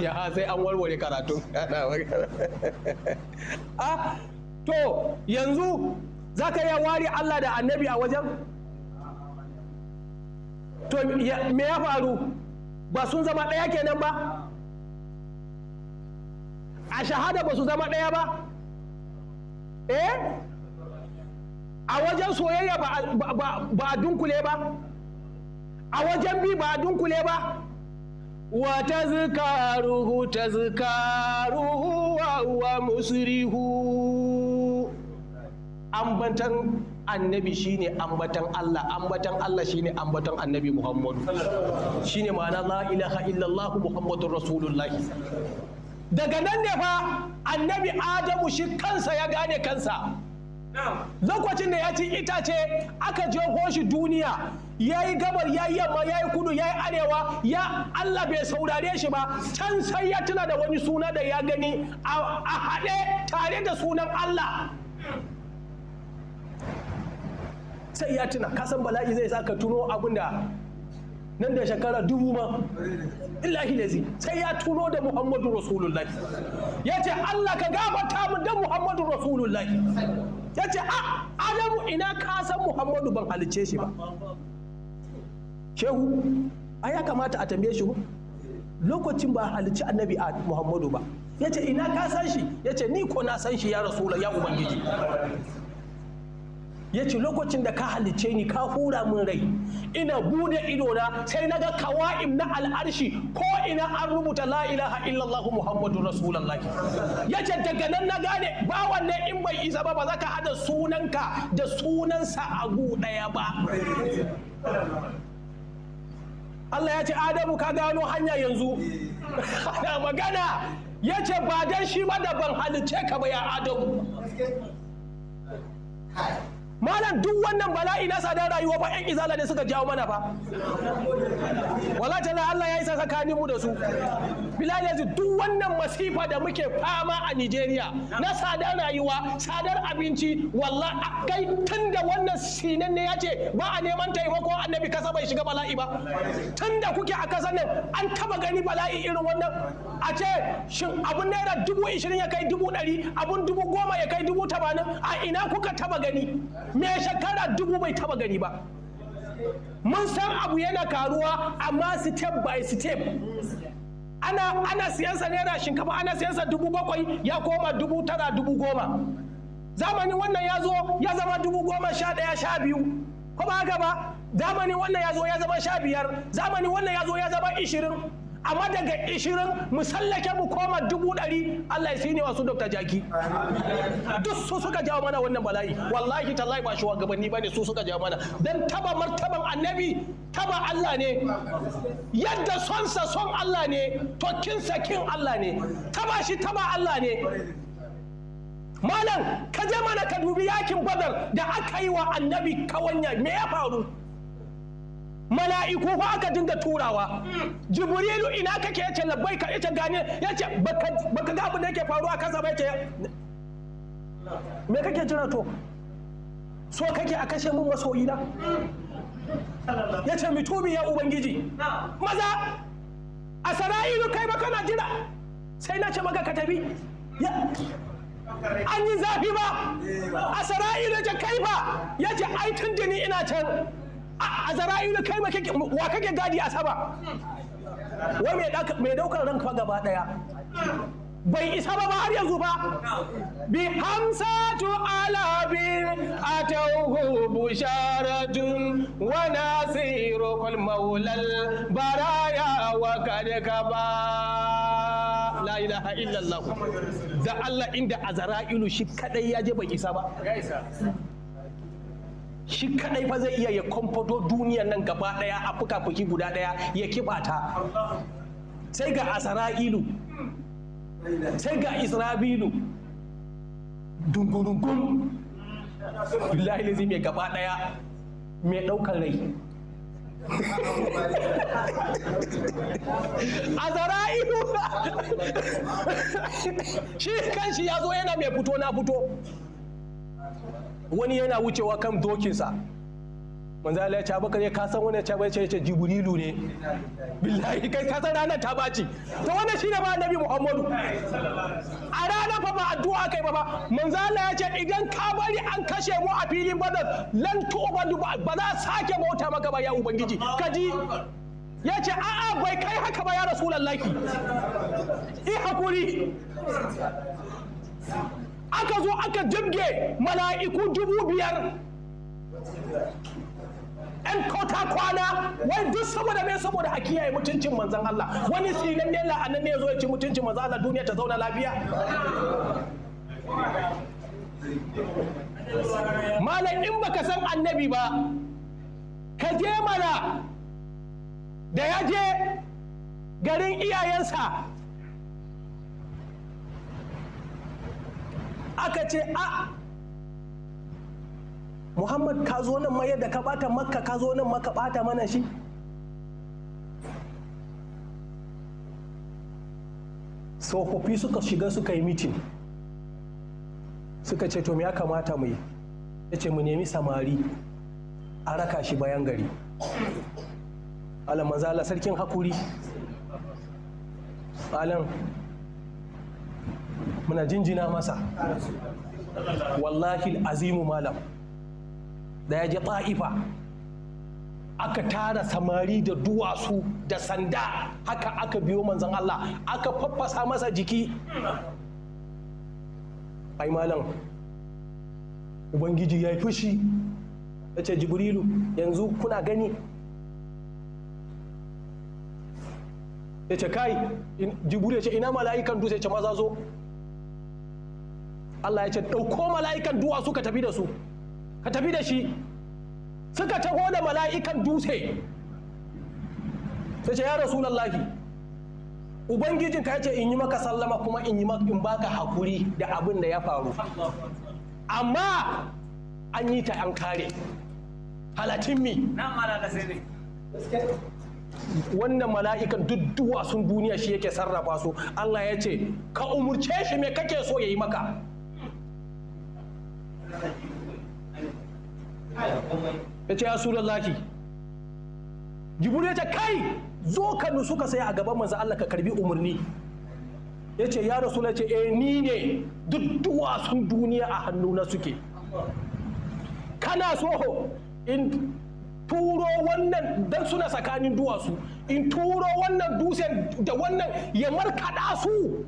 A: ya sai an warware karatun *laughs* ah to yanzu zaka iya wari Allah da annabi a wajen to me ya faru ba sun zama ɗaya kenan ba a shahada ba su zama ɗaya ba eh a wajen soyayya ba a dunkule ba a wajen bi ba a dunkule ba wa ta zikaruhu ta zikaruhu wa wa musrihu ambatan annabi shine ambatan Allah ambatan Allah shine ambatan annabi Muhammad shine ma'ana la ilaha illallah muhammadur rasulullahi daga nan ne fa annabi Adamu shi kansa ya gane kansa lokacin da ya ci itace aka jeho shi duniya ya yi gabar ya yi yamma ya yi kudu ya yi arewa ya Allah bai saurare shi ba can sai ya tuna da wani suna da ya gani a haɗe tare da sunan Allah sai ya tuna kasan bala'i zai ka tuno abin da nan da shekara dubu ma illahi lazi sai ya tuno da muhammadu rasulullahi ya ce Allah ka gabata mu da muhammadu rasulullahi ya ce a ah, adamu ina ka san muhammadu ban halice shi ba shehu a ya kamata a tambaye shi lokacin ba halici annabi a muhammadu ba ya ce ina ka san shi ya ce ni ko na san shi ya rasu ya ubangiji ya ce lokacin da ka halicce ni ka hura min rai ina bude idona sai na ga kawa'im na al'arshi ko ina an rubuta la ilaha illallah muhammadu rasulallah ya ce daga nan na gane ba wanne in bai isa ba ba za ka hada sunanka da sunansa a gu daya ba Allah ya ce Adamu ka gano hanya yanzu ana magana ya ce ba dan shi ma da ban halicce ka ba ya Adamu malam duk wannan bala'i na sadar rayuwa ba yan izala ne suka jawo mana fa wala jalla Allah ya isa tsakanin mu da su bilal yanzu duk wannan masifa da muke fama a Nigeria na sadar rayuwa sadar abinci walla kai tunda wannan sinan ne ya ba a neman taimako annabi kasa bai shiga bala'i ba tunda kuke a kasar nan an taba gani bala'i irin wannan a ce shin abun naira dubu ishirin ya kai dubu ɗari abun dubu goma ya kai dubu tamanin a ina kuka taba gani me shekara dubu bai taba gani ba mun san abu yana karuwa amma step by step ana ana siyansa naira shinkafa ana siyansa dubu bakwai ya koma dubu tara dubu goma zamanin wannan ya zo ya zama dubu goma sha daya sha biyu ko ba haka ba zamanin wannan ya zo ya zama sha biyar zamanin wannan ya zo ya zama ishirin amma daga ishirin mu sallake mu koma dubu ɗari Allah ya ne wasu Dr. Jaki duk su suka jawo mana wannan bala'i wallahi tallahi ba shugabanni ba ne su suka jawo mana dan taba martaban annabi taba Allah ne yadda sonsa son Allah ne tokinsa kin Allah ne taba shi taba Allah ne malam ka je mana ka dubi yakin badar da aka yi wa annabi kawanya me ya faru mala'iku ko aka dinga turawa jibrilu ina kake yace labbai ka yace gane yace baka ga abin da yake faruwa kansa ba yace me kake jira to so kake a kashe mun masoyi na yace mitubi ya ubangiji maza a sara'ilu kai ba kana jira sai na ce maka ka tafi an yi zafi ba a sara'ilu ya ce kai ba ya ce ai tun ina can a kai wa kake gadi a saba wai mai daukar ranka gaba daya
B: bai isa ba har yanzu ba bi hamsatu
A: alabin atauhu busharatun wa nasiru kul maulal baraya wa kad kaba la ilaha illallah da Allah inda Azara'ilu shi kadai ya je bai isa ba shi kadai fa zai iya ya kwamfato duniyan nan gaba daya a fuka-fuki guda daya ya kibata sai ga asara'ilu sai ga isra'ilu dungurungun billahi lazi mai gaba daya mai daukar rai *laughs* azara'ilu *laughs* shi kanshi ya zo yana mai fito na fito wani yana wucewa kan dokinsa manzo Allah ya ce Abubakar ya kasan wani ya ce bai ce Jibrilu ne billahi kai kasan ranar ta baci to wannan shine ba Annabi Muhammadu a ranar fa ba addu'a kai ba ba manzo Allah ya ce idan ka bari an kashe mu a filin Badar lan tuba ba za sake bauta maka ba ya ubangiji kaji ya ce a'a bai kai haka ba ya rasulullahi i hakuri aka zo aka jibge mala'iku dubu biyar ‘yan kota kwana wai duk saboda me saboda a kiyaye mutuncin manzan Allah wani sinan ne la'anan ne ya zo ya ci mutuncin manzan Allah duniya ta zauna lafiya malam in baka san annabi ba ka je mana da ya je garin iyayensa aka ce a muhammad ka zo nan ma yadda ka bata makka ka zo nan maka bata mana shi tsofaffi suka shiga suka yi mitin suka ce to ya kamata mu yi ya ce mu nemi samari a raka shi bayan gari alamazala sarkin hakuri alam muna jinjina masa wallahi azimu malam da ya je ta'ifa aka tara samari da duwatsu da sanda haka aka biyo manzan Allah aka faffasa masa jiki ai malam ubangiji ya yi fushi ya ce jibrilu yanzu kuna gani ya ce kai jibrilu ya ce ina mala'ikan dutse ce maza zo Allah ya ce ɗauko mala'ikan duwatsu ka tafi da su ka tafi da shi suka taho da mala'ikan dutse sai ce ya rasulallahi ubangijin ka ce in yi maka sallama kuma in yi in baka hakuri da abin da ya faru amma an yi ta an kare halatin mi wannan mala'ikan duk duwatsun duniya shi yake sarrafa su Allah ya ce ka umurce shi me kake so ya yi maka ya ce ya sura laki jibril ya ce kai zo ka nusu ka sai a gaban manzan Allah ka karbi umarni ya ce ya rasu ya e ni ne duk duwatsun duniya a hannuna suke kana so in turo wannan dan suna tsakanin duwatsu in turo wannan dutsen da wannan ya markaɗa su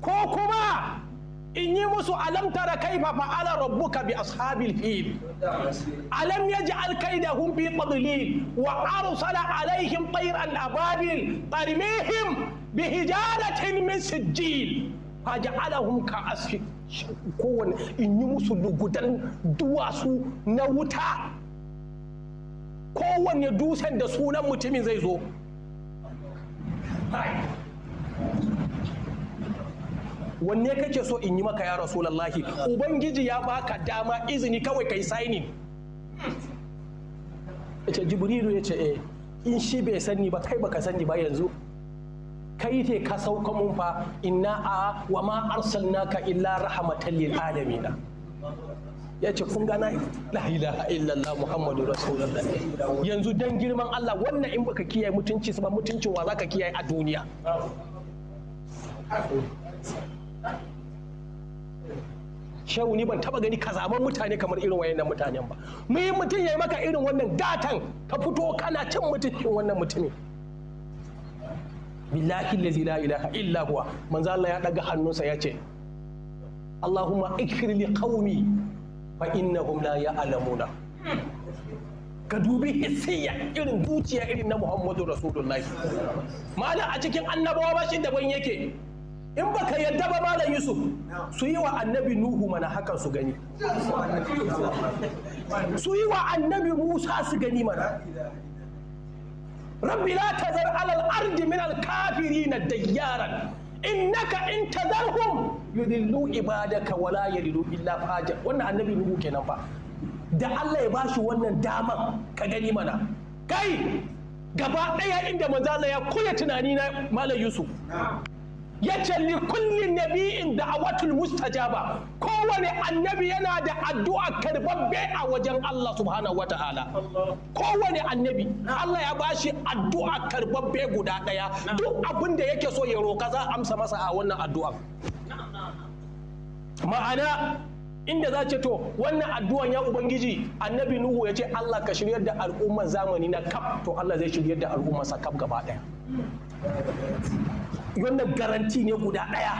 A: ko kuma in yi musu alam tara kaifa fa'ala rabbuka bi ashabil fil alam yaj'al kaidahum fi tadlil wa arsala alaihim tayran ababil tarmihim bihijaratin min sijil faj'alahum ka'asfin kowane in yi musu lugudan duwatsu na wuta kowane dusan da sunan mutumin zai zo wanne kake so in yi maka ya rasulallahi ubangiji ya baka dama izini kawai kai signing yace jibrilu yace eh in shi bai sani ba kai baka sani ba yanzu kai te ka sauka mun fa inna a wa ma arsalnaka illa rahmatan lil alamin ya ce kun gana la ilaha illallah muhammadu rasulullah yanzu dan girman Allah wannan in baka kiyaye mutunci ba mutuncin wa zaka kiyaye a duniya shehu ni ban taba gani ka zama mutane kamar irin wayannan mutanen ba mai mutum ya yi maka irin wannan datan ka fito kana cin mutuncin wannan mutumin billahi allazi la ilaha illa huwa manzo Allah ya daga hannunsa ya ce Allahumma ikfir li qaumi fa innahum la ya'lamuna ka dubi hissiya irin zuciya irin na Muhammadu Rasulullahi ma'ana a cikin annabawa ba shi daban yake in baka yadda ba malam yusuf su yi wa annabi nuhu mana hakan su gani su yi wa annabi musa su gani mana rabbi la tazar alal ardi min al na dayyaran innaka in tazarhum yudillu ibadaka wala yalidu illa fajir wannan annabi nuhu kenan fa da Allah ya bashi wannan daman ka gani mana kai gaba ɗaya inda manzo ya koya tunani na malam yusuf ya ce li kulli nabi'in da'awatul mustajaba kowane annabi yana da addu'a karbabbe a wajen Allah subhanahu wata'ala kowane annabi Allah ya bashi addu'a karbabbe guda ɗaya duk abin da yake so ya roka za amsa masa a wannan addu'a ma'ana inda za ce to wannan addu'an ya ubangiji annabi nuhu ya ce Allah ka shiryar da al'ummar zamani na kaf to Allah zai shiryar da al'ummarsa kaf gaba ɗaya. wannan garanti ne guda ɗaya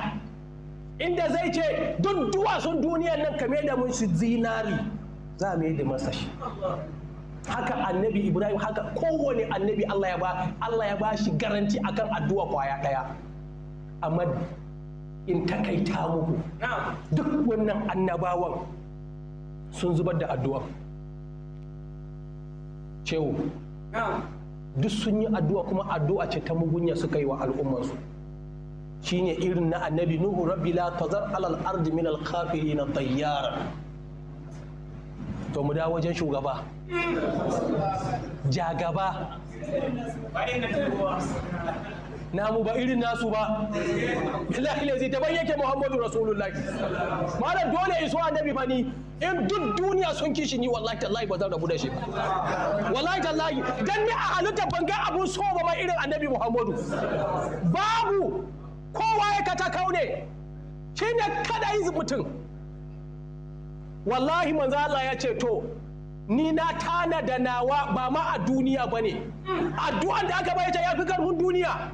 A: inda zai ce duk duwatsun duniyar nan kame da mun shi zinari za mu yi da masa shi haka annabi ibrahim haka kowane annabi allah ya ba allah ya ba shi garanti akan addu'a kwaya ɗaya amma in takaita muku duk wannan annabawan sun zubar da addu'a cewu duk sun yi addu'a kuma addu'a ce ta mugunya suka yi wa al'ummarsu shine irin na annabi nuhu rabbi la tazar alal ardi min al kafirin tayyara to mu da wajen shugaba jagaba mu ba irin nasu ba billahi lazi ta bayyake muhammadu rasulullahi malam dole iso annabi ba ni in duk duniya sun kishi ni wallahi tallahi ba zan rabu da shi ba wallahi tallahi dan ni a halitta ban ga abun so ba ma irin annabi muhammadu babu kowa ya kata ne shi ne kada yi mutum wallahi manzo Allah ya ce to ni na tana da nawa ba ma a duniya ba ne addu'an da aka bayyana ya fi karfin duniya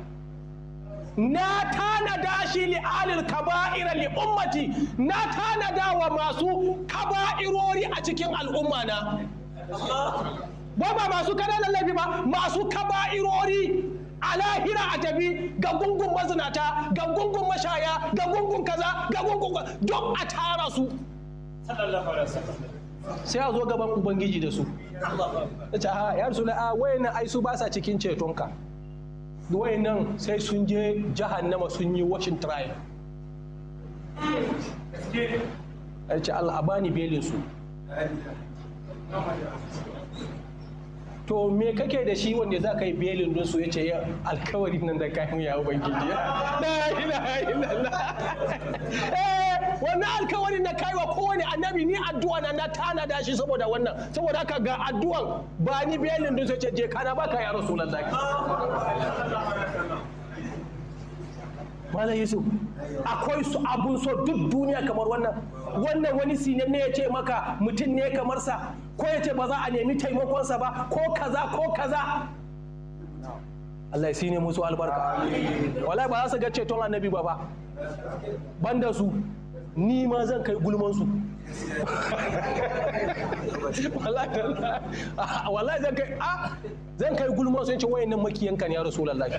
A: na tanada shi li alil kaba'ira li ummati na tanada wa masu kaba'irori a cikin al'umma na ba ba masu kananan laifi ba masu kaba'irori a lahira a tafi ga gungun mazinata ga gungun mashaya ga gungun kaza ga gungun don a tara su sai a zo gaban ubangiji da su ta ya rasu a wayannan ai su ba sa cikin cetonka nan sai sun je nama sun yi washin trial ya ce Allah a bani belin su to me kake da shi wanda za ka yi belin don su ya ce alkawari nan da kayan ya ubangiji la ilaha illallah eh, wannan alkawarin na kaiwa kowane annabi ni addu'a na na tana da shi saboda wannan saboda haka ga addu'an ba ni belin don su ce je kana baka ya rasulullahi Malam Yusuf akwai su abun so duk duniya kamar wannan wannan wani sinan ne ya ce maka mutum ne kamar sa ko ya ce ba za a nemi taimakonsa ba ko kaza ko kaza Allah ya sine musu albarka wallahi ba za su ga ceton annabi ba ba banda su ni ma zan kai gulman su wallahi zan kai a zan kai gulma sun ce wayannan makiyanka ne ya rasulullahi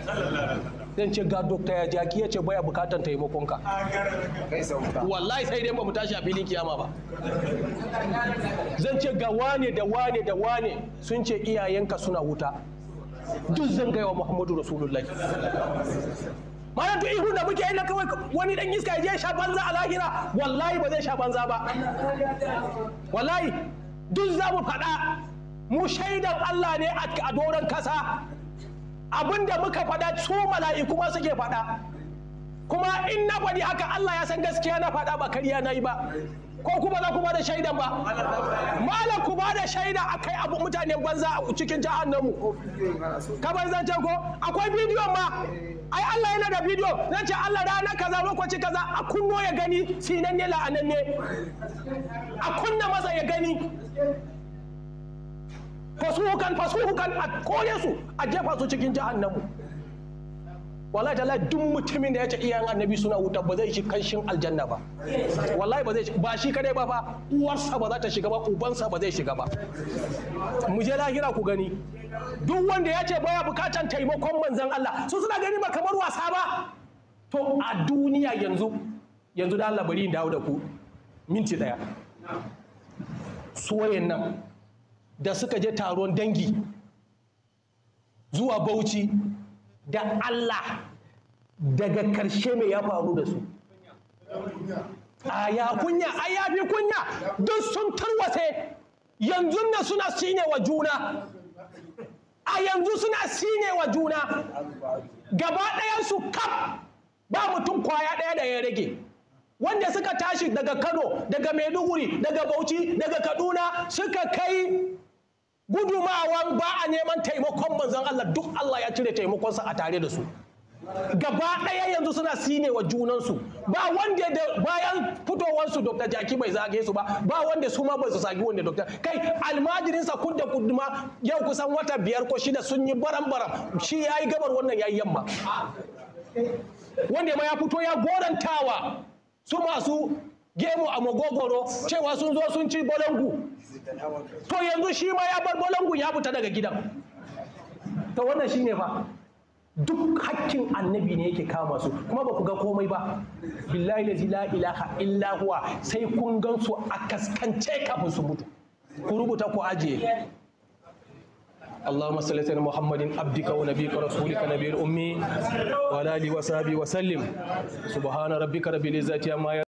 A: zan ce ga dokta ya jaki ya ce baya bukatan taimakon ka wallahi sai dai ba mu tashi a filin kiyama ba zan ce ga wane da wane da wane sun ce iyayenka suna wuta duk zan gaya wa muhammadu rasulullahi mana duk ihun da muke ina kawai wani dan iska ya je sha banza a lahira wallahi ba zai sha banza ba wallahi duk za mu faɗa mu shaidan Allah ne a doron kasa abinda muka faɗa su mala'iku ma suke faɗa kuma in na faɗi haka Allah ya san gaskiya na faɗa ba kariya na yi ba ko kuma za ku ba da shaidan ba malam ku ba da shaida akai abu mutane banza a cikin jahannamu ka banzance ko akwai bidiyon ma ai Allah yana da bidiyo zan ce Allah rana kaza lokaci kaza a kunno ya gani sinan ne la'anan ne
B: a kunna masa ya gani
A: fasuhukan fasuhukan a koyesu su a jefa su cikin jahannamu wallahi ta duk mutumin da ya ce iyayen annabi suna wuta ba zai shi kanshin aljanna ba wallahi ba zai ba shi kadai ba ba uwarsa ba za ta shiga ba ubansa ba zai shiga ba mu je lahira ku gani duk wanda ya ce baya bukatan taimakon manzon Allah su suna gani ba kamar wasa ba to a duniya yanzu yanzu da Allah bari in dawo da ku minti daya su wayannan da suka je taron dangi zuwa Bauchi da Allah daga ƙarshe mai ya faru da su a ya kunya a ya fi kunya duk sun tarwase yanzu na suna sine wa juna a yanzu suna sine wa juna gaba ɗayansu kaf ba mutum kwaya ɗaya da ya rage wanda suka tashi daga kano daga maiduguri daga bauchi daga kaduna suka kai Gudumawa ba a neman taimakon manzon Allah duk Allah ya cire taimakonsa a tare da su gaba ɗaya yanzu suna sine wa junansu ba wanda da bayan fitowarsu dr jaki bai zage su ba ba wanda su ma bai su sagi wanda dr kai almajirinsa kun da kuduma yau kusan wata biyar ko shida sun yi baram baram shi ya yi gabar wannan ya yi yamma wanda ma ya fito ya gorantawa su masu gemu a magogoro cewa sun zo sun ci bolangu to yanzu shi ma ya bar bolangu ya fita daga gidan to wannan shi ne fa duk hakkin annabi ne yake kama su kuma ba ku ga komai ba billahi la ilaha illa huwa sai kun gan su a kaskance kafin su mutu ku rubuta ku ajiye اللهم صل على محمد عبدك ونبيك ورسولك نبي الأمي وعلى آله وصحبه وسلم سبحان ربك رب العزة عما